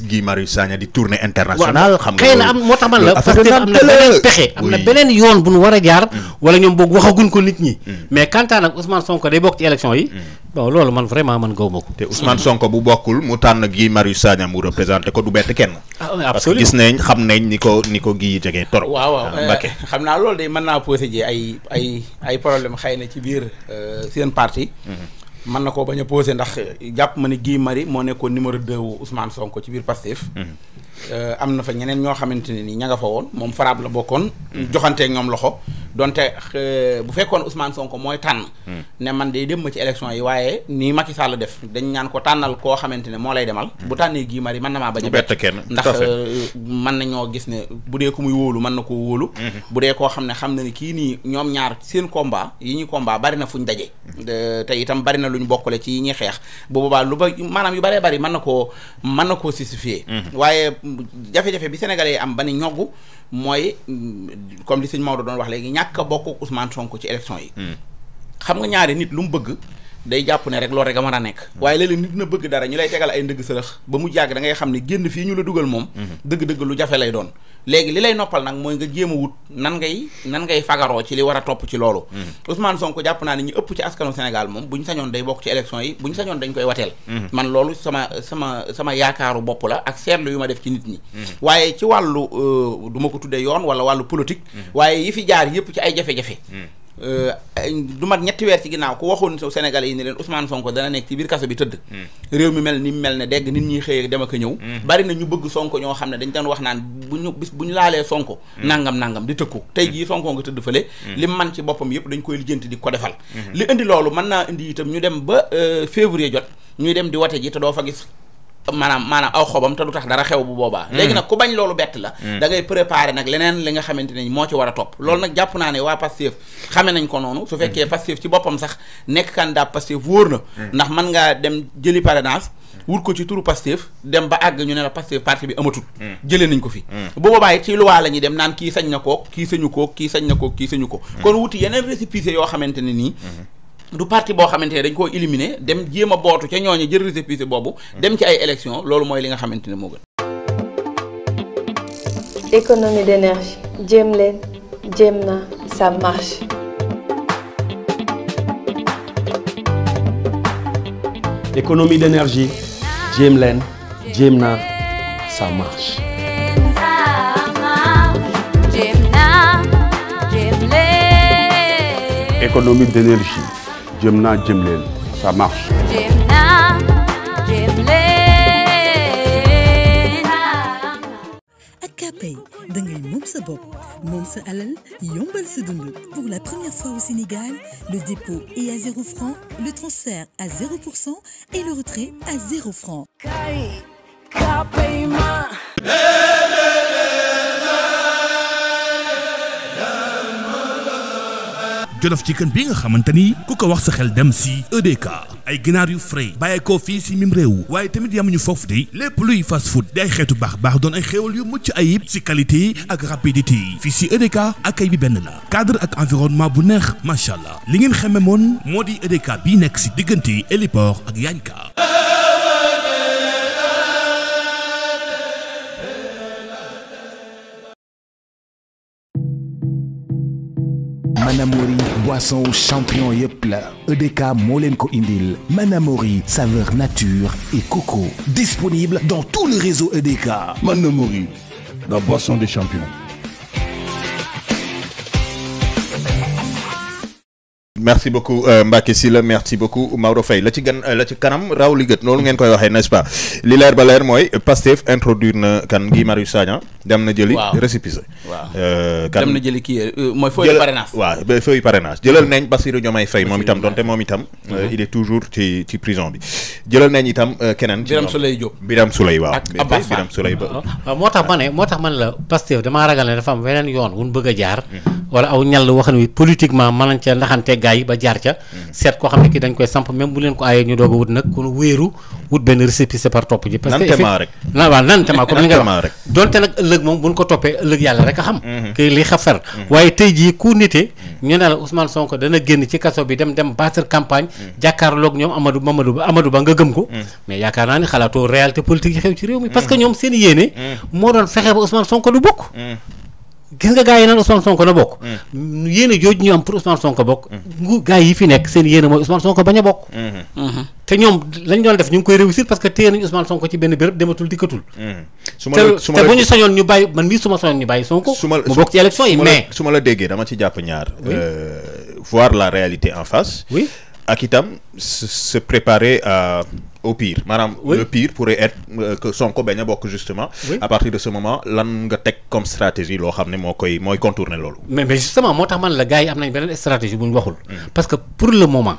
mooy tournée internationale. xam nga xëy na am moo tax man la parce que am na beneen pexe am na beneen yoon bu ñu war a jaar. Mm. wala ñoom boog waxaguñ ko nit ñi. Mm. mais kantaan ak Ousmane Sonko day bokk ci élection yi. Mm. bon loolu man vraiment man ma ko. te Ousmane Sonko bu bokkul mu tànn Guy Marius Sagna mu représenté ko du bett kenn. Ah, gis nañ xam nañ ni ko ni ko Guy jege trop. waaw waaw ah, eh, xam naa loolu day mën naa posé ji ay ay problème xëy na ci biir euh, seen parti. Mm-hmm. mën na ko bañ a posé ndax jàpp ma ne Guy Marie moo nekkoon numéro 2 wu Ousmane Sonko ci biir Pastef. Mhm. Euh, am na fa ñeneen ñoo xamante ne ni ña nga fa woon moom Faraab la bokkoon. Mm. joxanteeg ñoom loxo donte euh, bu fekkoon Ousmane Sonko mooy tànn. Mm. ne man day dem ma ci élection yi waaye nii Macky Sall def dañ ñaan ko tànnal koo xamante ne moo lay demal. Mm. bu tànnee Guy Marius man na maa bañ a bett kenn ndax euh, mën nañoo gis ne bu dee ku muy wóolu mën na koo wóolu. Mm-hmm. bu dee koo xam ne xam na ni kii nii ñoom ñaar seen combat yi ñu combat bari na fu ñu daje. te itam bari na lu ñu bokkale ci ñuy xeex bu boobaa lu ba maanaam yu baree bari mën na koo mën na koo justifier mm-hmm. jafe-jafe bi sénégalais yi am ba ni ñoggu mooy mm, comme li sëñ Maodo doon wax léegi ñàkk bokk Ousmane sonk ci élection yi. Hmm. xam nga ñaari nit lu mu bëgg. day jàpp ne rek loolu rek a mën a nekk hmm. waaye léeg-léeg nit na bëgg dara ñu lay tegal ay ndëgg sërëx ba mu jàgg da ngay xam ne génn fii ñu la dugal moom hmm. dëgg-dëgg lu jafe lay doon léegi li lay noppal nag mooy nga jéema a wut nan ngay nan ngay fagaroo ci li war a topp ci loolu mm-hmm. Ousmane Sonko jàpp naa ne ñu ëpp ci askanu Sénégal moom bu ñu sañoon day bokk ci élection yi bu ñu sañoon dañ koy wateel mm-hmm. man loolu sama sama sama yaakaaru bopp la ak seetlu yu ma def ci nit ñi mm-hmm. waaye ci wàllu euh, du ma ko tuddee yoon wala wàllu politique waaye yi fi jaar yëpp ci ay jafe-jafe Euh, du mat ñetti weer ci ginnaaw ku waxoon so Sénégalais yi ne leen Ousmane Sonko dana nekk ci biir kaso bi tëdd hmm. réew mi mel ni mel ne dégg nit ñi xëy dem ak ñëw hmm. bari na ñu bëgg Sonko ñoo xam ne dañ daan wax naan bu ñu bis bu ñu laalee Sonko hmm. nangam nangam di tëkku tey jii Sonko nga tëdd fële li man ci boppam yëpp dañ koy lijjanti di ko defal li indi loolu mën naa indi itam ñu dem ba euh, février jot ñuy dem di wate ji te doo fa gis maanaam maanaam aw xobam te du tax dara xew bu boobaa hmm. léegi nag ku bañ loolu bett la hmm. da ngay préparer nag leneen li nga xamante moo ci war a topp loolu hmm. nag jàpp naa waa Pastef xame nañ ko noonu su fekkee Pastef ci boppam sax nekk candidat Pastef wóor na ndax mën ngaa dem jëli parrainage wut ko ci turu Pastef dem ba àgg ñu ne la Pastef parti bi amatul jëlee nañ ko fi bu boobaa it ci luwaa la ñuy dem naan kii sañ na kook kii sañu kook kii sañ na ko kon wuti yeneen récépissé yoo du parti boo xamante ne dañ koo éliminer dem jéem a bootu ca ñooñu jël récépissé boobu. dem ci ay élections loolu mooy li nga xamante ne moo gën. économie d'énergie jéem leen jéem na leen jéem na ça marche. d'énergie. jëm naa jëm leen ça marche. jëm naa jëm leen. ak Kàppay da alal yombal sa pour la première fois au Sénégal le dépôt est à zéro le transfert à zéro et le retrait à zéro Jolof Chicken bi nga xamante ni ku ko wax sa xel dem si EDK ay ginaar yu frais bàyyeekoo fii si mim réew waaye tamit yamuñu foofu de lépp luy fast food day xeetu baax baax doon ay xéewal yu mucc ayib si qualité ak rapidité yi fii si ak e akay bi benn la cadre ak environnement bu neex macha allah li ngeen xeme moon moo di EDK bii nekk si diggante héliport ak Yanka Manamori boisson champion yëpp la EDK moo leen ko indil Manamori saveur nature et coco disponible dans tout le réseau EDK Manamori la boisson des champions merci beaucoup euh, Mbacke Sylla merci beaucoup Maodo Faye la ci gan la ci kanam raw li gët noonu ngeen koy waxee nest pas li leer ba leer mooy Pastef introduire na kan Guy Marius Sagna dem na jëli. waaw récépissé. waaw euh, dem na jëli kii euh, mooy feuille parrainage. waaw ba feuille parrainage jëlal nañ Bassirou Diomaye Faye moom itam donte moom itam. Euh, mhm. il est toujours ci ci prison bi. jëlal nañ itam keneen. ci Birame Souleye Diop Birame Souleye waaw. ak Abbas Birame Souleye ba. Ah, ah, moo tax ma ne moo tax man la Pastef damaa ragal ne dafa am weneen yoon wu ñu bëgg a jaar. Mhm. wala aw ñal waxan wi politiquement mën nañ ca ndaxante gaa yi ba jaar ca. Mhm. seet koo xam ne kii dañ koy samp même bu leen ko aayee ñu doog a wut nag ku wéeru wut benn récépissé par topp ji. parce que nantema rek na waaw nantema comme li nga wax donte nag ëllëg moom bu ñu ko toppee ëllëg yàlla rek a xam. Mhm. que li xa mhm. waaye tey jii ku nite. Mhm. ñu ne la Ousmane Sonko dana génn ci kaso bi dem dem battre campagne. jàkkaarloog ñoom Amadou ma Ba Amadou Ba nga gëm ko. mais yaakaar naa ne xalaatoo réalité politique yi xew ci réew mi. parce que ñoom seen yéene. moo doon fexe ba Ousmane Sonko du bokk. gis nga gars yi naan Ousmane Sonko na bokk. Mm. yéen a jooju ñu am pour Ousmane Sonko bokk. ngu gars yi fi nekk seen yéen a mooy Ousmane Sonko ba a bokk. Mm-hmm. Mm-hmm. te ñoom lañ doon def ñu ngi koy réussir parce que téye nañu Ousmane Sonko ci benn béréb dematul dikkatul. Mm-hmm. su ma la su ma la te bu ñu sañoon ñu bàyyi man mii su ma sañoon ñu bàyyi Sonko. su ma mu bokk ci élection yi mais su ma la déggee dama ci jàpp ñaar. Euh, voir la réalité en face. oui ak itam se préparer à. au pire maanaam oui. le pire pourrait être euh, que Sonko bañ bokk justement oui. partir de ce moment lan nga teg comme stratégie loo xam ne moo koy mooy contourner loolu mais justement moo tax man la gars yi am nañ beneen stratégie bu waxul hmm. parce que pour le moment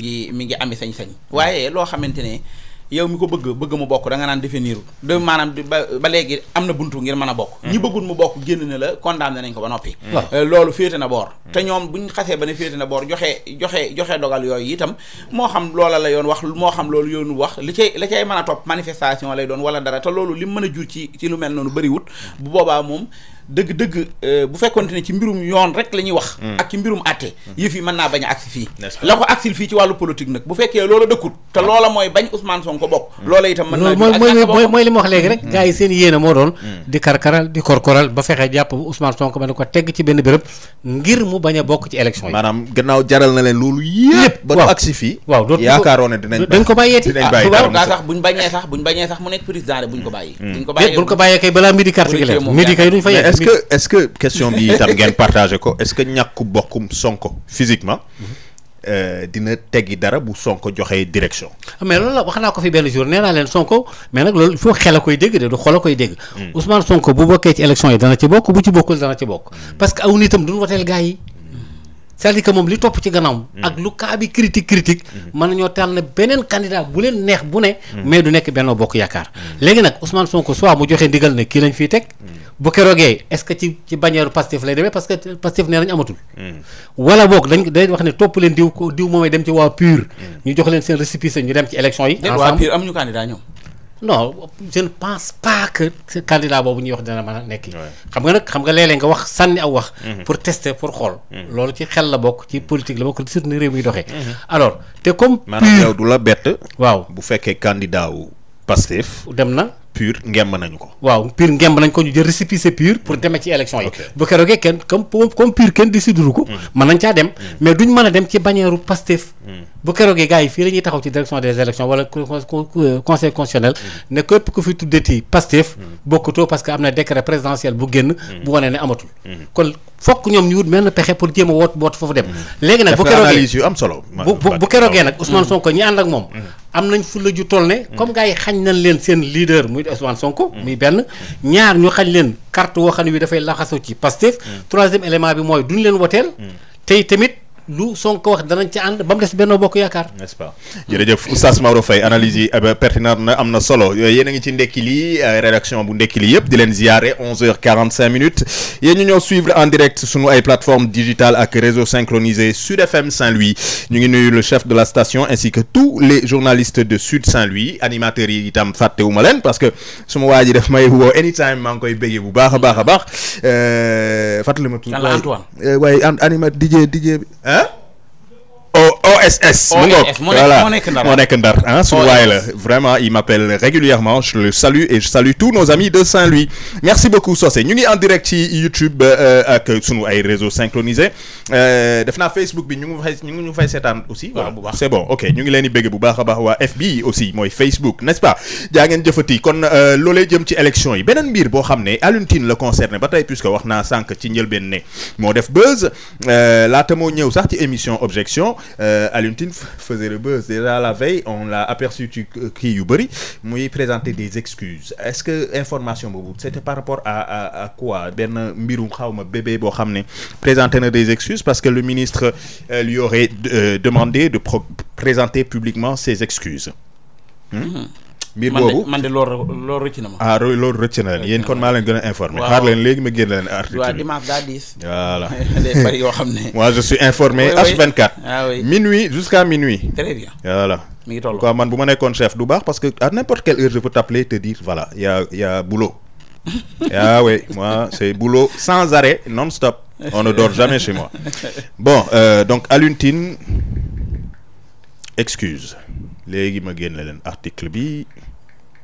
ngi mi ngi ami sañ-sañ waaye loo xamante ne yow mi ko bëgg bëgg mu bokk da nga naan définirul de maanaam ba léegi am na buntu ngir mën a bokk ñi mm. bëggul mu bokk génn na la condamné nañ ko ba noppi mm. euh, loolu féete na boor mm. te ñoom buñ xasee ba ne féete na boor joxe joxe joxe dogal yooyu itam moo xam loola la yoon wax moo xam loolu yoonu wax li cay la cay mën a topp manifestation lay doon wala dara te loolu li mën a jur ci ci lu mel noonu bëriwut bu boobaa dëgg-dëgg euh, bu fekkonte ne ci mbirum yoon rek la ñuy wax. Mm. ak ci mbirum àtte. Mm. yëf yi mën naa bañ a fii. la ko agsil fii ci wàllu politique nag bu fekkee loola dëkkut. te loola mooy bañ Ousmane Sonko bokk. Mm. loola itam mën naa mooy mooy li ma wax léegi rek. gars yi seen yéene moo doon. di karkaral di korkoral ba fexe jàpp Ousmane Sonko ba ne ko teg ci benn béréb ngir mu bañ a bokk ci élection yi. maanaam gannaaw jaral na leen loolu yëpp. ba du agsi fii. waaw dañ ko bàyyeeti est-ce que est-ce que question bi itam ngeen partagé ko est-ce que ñàkku bokkum Sonko physiquement euh, dina teggi dara bu Sonko joxee direction. Ah, mais loolu la wax naa ko fi benn jour nee naa leen Sonko mais nag loolu il xel a koy dégg de du xol a koy dégg. Hmm. Ousmane Sonko bu bokkee ci élection yi dana ci bokk bu ci bokkul dana ci bokk. Hmm. parce que aw nitam duñ woteel moom li topp ci gannaawam. Hmm. ak lu cas bi critique critique. mën nañoo tànn beneen candidat bu leen neex bu ne. mais du nekk benn Bokk Yaakaar. léegi nag Ousmane Sonko soit mu joxe ndigal ne kii lañ fi teg. bu keroogee est-ce que ci ci bannière Pastef lay demee parce que Pastef nee nañ amatul. Hmm. wala boog dañ day wax ne topp leen diw ko diw dem ci waa PUR. Hmm. ñu jox leen seen récépissé ñu dem ci élection yi. ensemble waa PUR ñoom. non je ne pense que ce boobu ñuy wax dina mën a nekk. xam nga nag xam nga léeg nga wax sànni aw wax. Hmm. pour tester pour xool. loolu ci xel la bokk ci politique la bokk comme. PUR du la bett. waaw bu fekkee candidat wu dem na. pur ngemb nañu ko. waaw pur ngemb nañ ko ñu jël récépissé pur pour mm. demee ci élection yi. bu keroogee kenn comme comme kenn déciduru ko. Mm. mën nañ caa dem. Mm. mais duñ mën a dem ci bannière Pastef. bu keroogee gars yi fii la taxaw ci direction des élections wala euh, conseil constitutionnel. ne képp ku fi tuddati Pastef. bokkutoo parce que am na décret présidentiel bu génn. bu wane ne amatul. kon fokk ñoom ñu wut mel pexe pour jéem a foofu dem. léegi nag muy Ousmane Sonko. muy benn ñaar ñu xañ leen carte woo ne wi dafay laxasoo ci Pastef. Mm. troisième élément bi mooy duñ leen woteel. Mm. tey tamit. lu Sonko wax danañ ci ànd ba mu des Benno Bokk Yaakaar. n'est-ce pas jërëjëf oustaz Maodo Faye eh na am na solo yéen a ngi ci ndekki lii rédaction bu ndekki lii yëpp di leen ziare 11h45 minutes yéen ñu ñoo suivre en direct suñu ay plateformes digitales ak réseau synchronisé Sud FM Saint-Louis ñu ngi nuyu le chef de la station ainsi que tous les journalistes de Sud Saint-Louis animateurs yi itam fàttewuma leen parce que suma waa ji daf may woo anytime maa baax a euh, ma. tuuti waaye euh, waaye animateur DJ DJ. OSS. mu ngoog voilà moo nekk Ndar ah suñu waay la vraiment il m'appelle régulièrement je le salue et je salue tous nos amis de Saint-Louis merci beaucoup Socé ñu ngi en direct ci YouTube euh, ak sunu ay réseaux synchronisés euh, def naa Facebook bi ñu ngi fay ñu ngi fay seetaan aussi. waaw ngi leen di bëgg bu baax a baax waa FB aussi mooy Facebook n'est-ce pas jaa ngeen jëfati kon euh, loolee jëm ci élection yi beneen mbir boo xam ne Alioune Tine la concerné ba tey puisque wax naa sànq ci njëlbeen ne moo def buzz laata moo ñëw sax ci émission objection. Alioune Tine faisait le buzz déjà la veille on l'a aperçu ci euh, kii yu bëri muy présenter des excuses est-ce que information boobu c'était par rapport à à, à quoi benn mbirum xawma bébé boo xam ne présenter na des excuses parce que le ministre euh, lui aurait euh, demandé de pro présenter publiquement ses excuses. Hmm? hmm. mbir boobu man de loolu rëcc na ma ah loolu rëcc na leen yéen kon maa leen gën a informé xaar leen léegi ma génn leen article waaw [LAUGHS] yoo xam ne moi je suis informé H24 ah oui minuit jusqu'à minuit très bien ngi toll man bu ma nekkoon chef du baax parce que à n'importe quelle heure je peux t'appeler te dire voilà y a y a [LAUGHS] ah oui moi c'est boulot sans arrêt non stop on ne dort jamais chez moi [LAUGHS] bon euh, donc Alioune excuse léegi ma génne leen article bi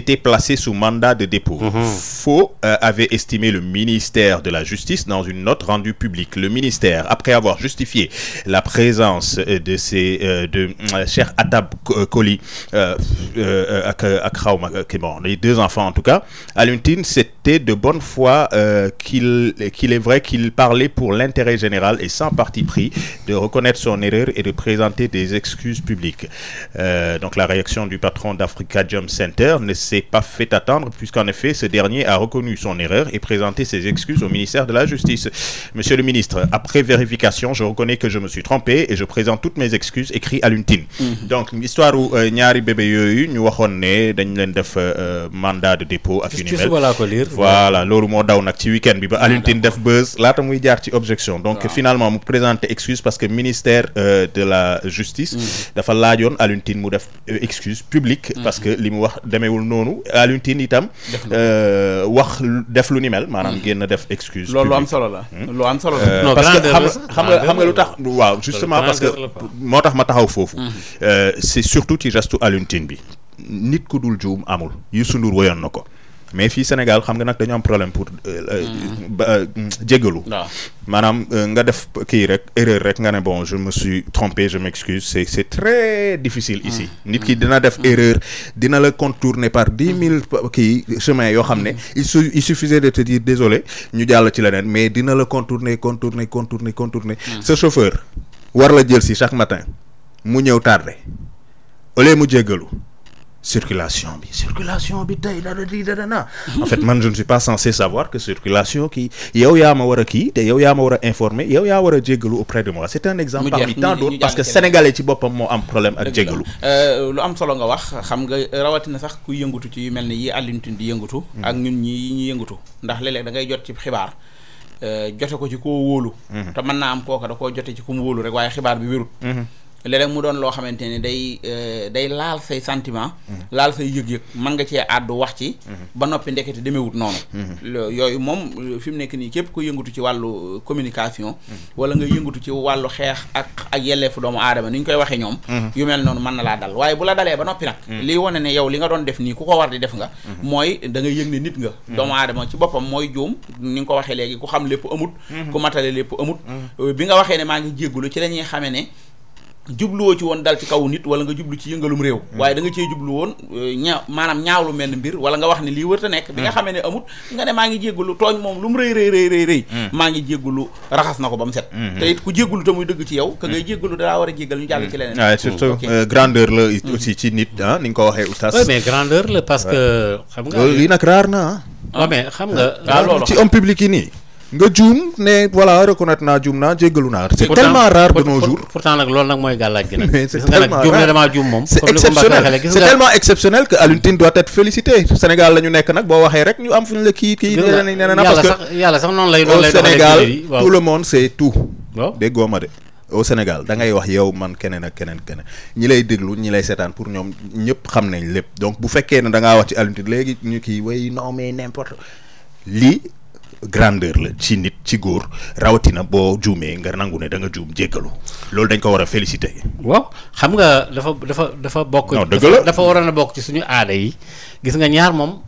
été placés sous mandat de dépôt. Mm-hmm. Faux euh, avait estimé le ministère de la Justice dans une note rendue publique. Le ministère, après avoir justifié la présence euh, de ces euh, de euh, Cheikh Atab Koli ak deux enfants en tout cas, Alioune c'était de bonne foi qu'il qu'il est vrai qu'il parlait pour l'intérêt général et sans parti pris de reconnaître son erreur et de présenter des excuses publiques. donc la réaction du patron d'Africa Jump Center s'est pas fait attendre puisqu'en effet, ce dernier a reconnu son erreur et présenté ses excuses au ministère de la Justice. Monsieur le ministre, après vérification, je reconnais que je me suis trompé et je présente toutes mes excuses, écrit Alioune mhm. donc histoire u euh, ñaari bébé yooyu ñu waxoon ne dañ leen euh, euh, mandat de dépôt ak yu ni mel voilà loolu moo daw nag ci week-end bi ba ah, Alioune Tine def buzz laata muy jaar ci donc finalement mu présenté excuse parce que ministère de la justice mhm. dafa laajoon Alioune Tine mu def excuse noonu Alioune Tine itam. Euh, wax def lu ni mel. maanaam hmm. génn def excuse. loolu solo la. Hmm? lu am solo euh, parce que xam nga xam nga lu tax. waaw justement parce que moo tax ma taxaw foofu. Hmm. Euh, c'est surtout ci gestu Alioune bi. nit ku dul juum amul Youssou Ndour woyoon na ko. mais fii Sénégal xam nga nag dañu am problème pour. Euh, euh, mm. euh, jéggalu. maanaam nga def kii rek erreur rek nga ne bon je me suis trompé je m'excuse c'est c'est très difficile ici. Mm. nit ki mm. dina def erreur dina la contourner par dix mille kii chemin yoo xam ne il su il suffisait de te dire désolé ñu jàll ci leneen mais dina la contourner contourner contourner contourner. sa chauffeur war la jël si chaque matin mu ñëw tardé au mu jéggalu. circulation bi circulation bi tey dara di dara naa en fait man je ne suis pas censé savoir que circulation kii yow yaa ma war a kii te yow yaa ma war a informer yow yaa war a jéggalu auprès de moi c'est un exemple parmi tant d'autres parce que sénégalais ci boppam moo am problème ak jéggalu euh, lu am solo nga wax xam nga rawatina sax ku yëngatu ci yu mel ne yi Alioune Tine di yëngatu hmm. ak ñun ñi ñuy yëngatu ndax léeg-léeg da ngay jot ci xibaar euh, jote ko ci koo wóolu hmm. te mën naa am kooka da koo jote ci ku mu wóolu rek waaye xibaar bi wérut hmm. leneen mu doon loo xamante ni day euh, day laal say sentiment mm-hmm. laal say yëg-yëg man nga cee àddu wax ci mm-hmm. ba noppi ndekete demewut noonu mm-hmm. yooyu moom fi mu nekk nii képp ko yëngatu ci wàllu euh, communication wala nga yëngatu ci wàllu xeex ak ak yelleefu doomu aadama ni koy waxee ñoom yu mel noonu mën na laa dal waaye bu la dalee ba noppi nag liy wane yow li nga doon def nii ku ko war di def nga mooy da nga yëg ne nit nga doomu aadama ci boppam mooy juum ni nga ko waxee léegi ku xam lépp amut ku matale lépp amut bi nga waxee ne maa ngi jéggulu ci la ñuy xamee ne jubluwoo ci woon dal ci kaw nit wala nga jublu ci yëngalum réew mm. waaye da nga cee jublu woon euh, ñaaw maanaam lu mel mbir wala nga wax ni lii wërta nekk bi nga mm. xamee ne amut nga ne maa ngi jéggulu tooñ moom lu mu rëy rëy rëy rëy mm. maa ngi jéggulu raxas na ko ba mu set mm-hmm. te it ku jéggulu te muy dëgg ci yow ka ngay jéggulu dalaa war a jéggal ñu jàll ci leneen waaw surtout euh, grandeur la aussi ci nit ah ni ñu ko waxee oustaz mais grandeur la parce que xam lii nag raar naa ah mais xam nga ah, ci homme public yi nii nga juum ne voilà reconnaître naa juum naa jéggalu naa. c'est tellement rare de nos jours mooy gàllaaj c'est tellement moom. c'est exceptionnel c'est tellement exceptionnel que félicité Sénégal la ñu nekk nag boo waxee rek ñu am fu ñu la kii kii. nee na parce que yàlla sax yàlla sax noonu lay noonu lay Sénégal tout le monde c'est tout. déggoo ma de. au Sénégal da ngay wax yow man keneen ak keneen keneen ñi lay déglu ñi lay seetaan pour ñoom ñëpp xam nañ lépp donc bu fekkee ne da ngaa wax ci Alioune Tine léegi ñu kii way non mais n'importe grandeur la ci nit ci góor rawatina boo juumee nga nangu ne da nga juum jéggalu loolu dañ ko war a féliciter. waaw xam nga dafa dafa dafa bokk. non dëgg la dafa waroon a bokk ci suñu aada yi. gis nga ñaar moom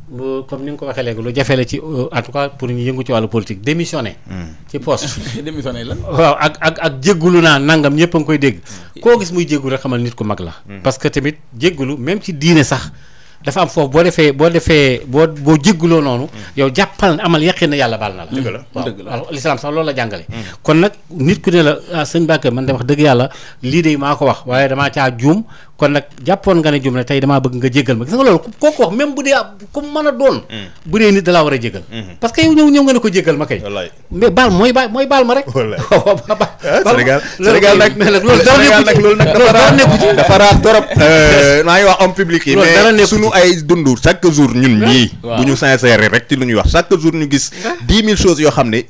comme ni nga ko waxee léegi lu jafe la ci euh, en tout cas pour ñu yëngu ci wàllu politique démissionné. Hmm. ci poste [LAUGHS] démissionné la. waaw ak ak ak jéggulu naa nangam ñëpp a ngi koy dégg. Hmm. koo gis muy jéggulu rek xamal nit ku mag la. Hmm. parce que tamit jéggulu même ci diine sax. dafa am foofu boo defee boo defee boo boo jégguloo noonu mm. yow jàppal amal yaqin na yàlla baal na la dëgg la waaw lislaam sax loolu la jàngale mm. kon nag nit ku ne la ah, sañ Mbàkke man de wax dëgg yàlla lii de maa ko wax waaye damaa caa juum kon nag jàppoon nga ne jum ne tey damaa bëgg wax même bu dee a doon mm. a jégal mm-hmm. parce que yow ñëw ñëw nga ne ko jégal mais dara nekku [LAUGHS] euh, wax homme public yi mais suñu ay dund chaque jour ñun ñii bu ñu sincère rek ci lu ñuy wax chaque jour ñu gis dix mille choses yoo xam ne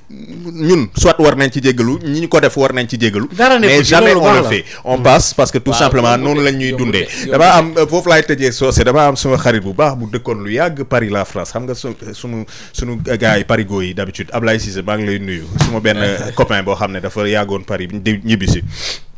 ñun soit war nañ ci jégalu ñi ñu ko def war nañ ci jégalu mais jamais on le fait on passe parce que tout simplement noonu lañ dundee damaa am euh, foofu laay tëjee soose damaa am suma xarit bu baax bu dëkkoon lu yàgg Paris la France xam nga su suñu suñu gars yi parigo yi d'habitude Ablaye Cissé maa ngi lay nuyu suma benn copain boo xam ne dafa yàggoon Paris ñibbisi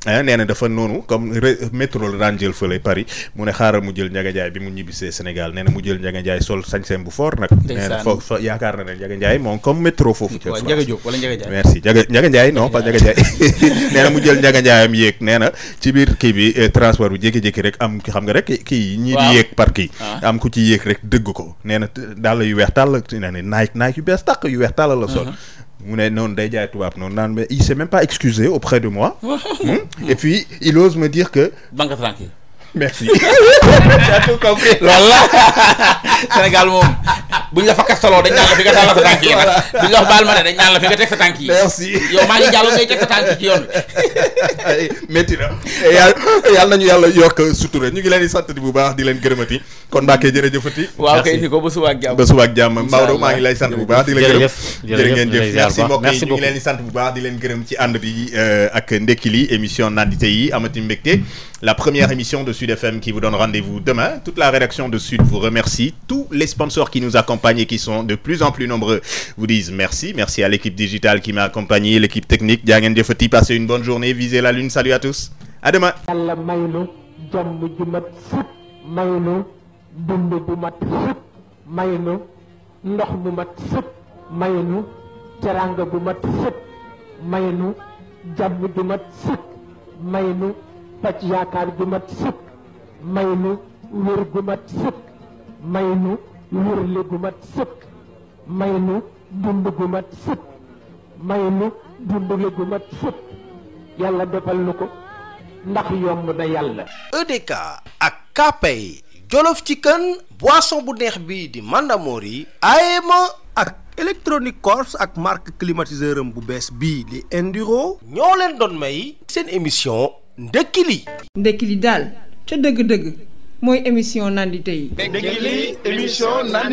Ah, nee na dafa noonu comme métro la daan jël fële Paris mu ne xaaral mu jël Ndiaga Ndiaye bi mu ñibbisee Sénégal nee na mu jël Ndiaga Ndiaye sol sañseem bu fort nag nee na foo yaakaar na ne Ndiaga Ndiaye moom comme métro foofu ca Ndiaga Diop wala Ndiaga Ndiaye merci Ndiaga Ndiaga Ndiaye non pas Ndiaga [LAUGHS] mu jël Ndiaga Ndiaye am yéeg nee na ci biir kii bi eh, transport bi jékki-jékki rek am xam nga rek kii ñii yéeg par kii ah. am ku ci yéeg rek dëgg ko nee na daal yu weex tàll nee na naaj naaj yu bees tàq yu weex tàll la sol uh-huh. mu ne noonu day jaay tubaab noonu naan mais il s'est même pas excusé auprès de moi. hmm? et puis il ose me dire que. banque tranquille. merci. tu as [LAUGHS] tout compris. loolu la [LAUGHS] Sénégal bu ñu la fa solo dañ naan la fi nga taal sa tànk yi nag buñ la wax baal ma ne dañ naan la fi nga teg sa tànk yi merci yow maa ngi jàll ngay teg sa tànk yi ci yoon yàlla [LAUGHS] nañu yàlla yokk ñu ngi leen di bu baax di leen gërëmati kon Mbacke jërëjëfati waaw kay ni ko ba suba ak jàmm ba ak jàmm Maodo maa ngi lay sant bu baax di la gërëm jërë ngeen jëf merci mbokk yi ñu ngi leen sant bu baax di leen gërëm ci ànd bi euh, ak ndekki li émission nandite yi amati mbégte la première émission de Sud FM qui vous donne rendez-vous demain. Toute la rédaction de Sud vous remercie. Tous les sponsors qui nous accompagnent et qui sont de plus en plus nombreux vous disent merci. Merci à l'équipe digitale qui m'a accompagné, l'équipe technique. Diangen Diofati, passez une bonne journée, visez la lune. Salut à tous. À demain. ndox mu ma sëpp maynu teranga bu mat sëpp maynu jàmm bu mat sëpp maynu faj yaakaar ju mat sëkk may nu gu mat sëkk may nu wérle gu mat sëkk may dund gu mat sëkk may nu dundle gu mat sëkk yàlla defal nu ko ndax yomb na yàlla EDK ak kàppay jolof ci kën boisson bu neex bii di mandamori ayema ak Electronic Corps ak mark climatiseur am bu bees bii di Enduro ñoo leen doon may seen émission ndekki li ndekki li daal ca dëgg-dëgg mooy émission nandite yi. ndekki li émission nandite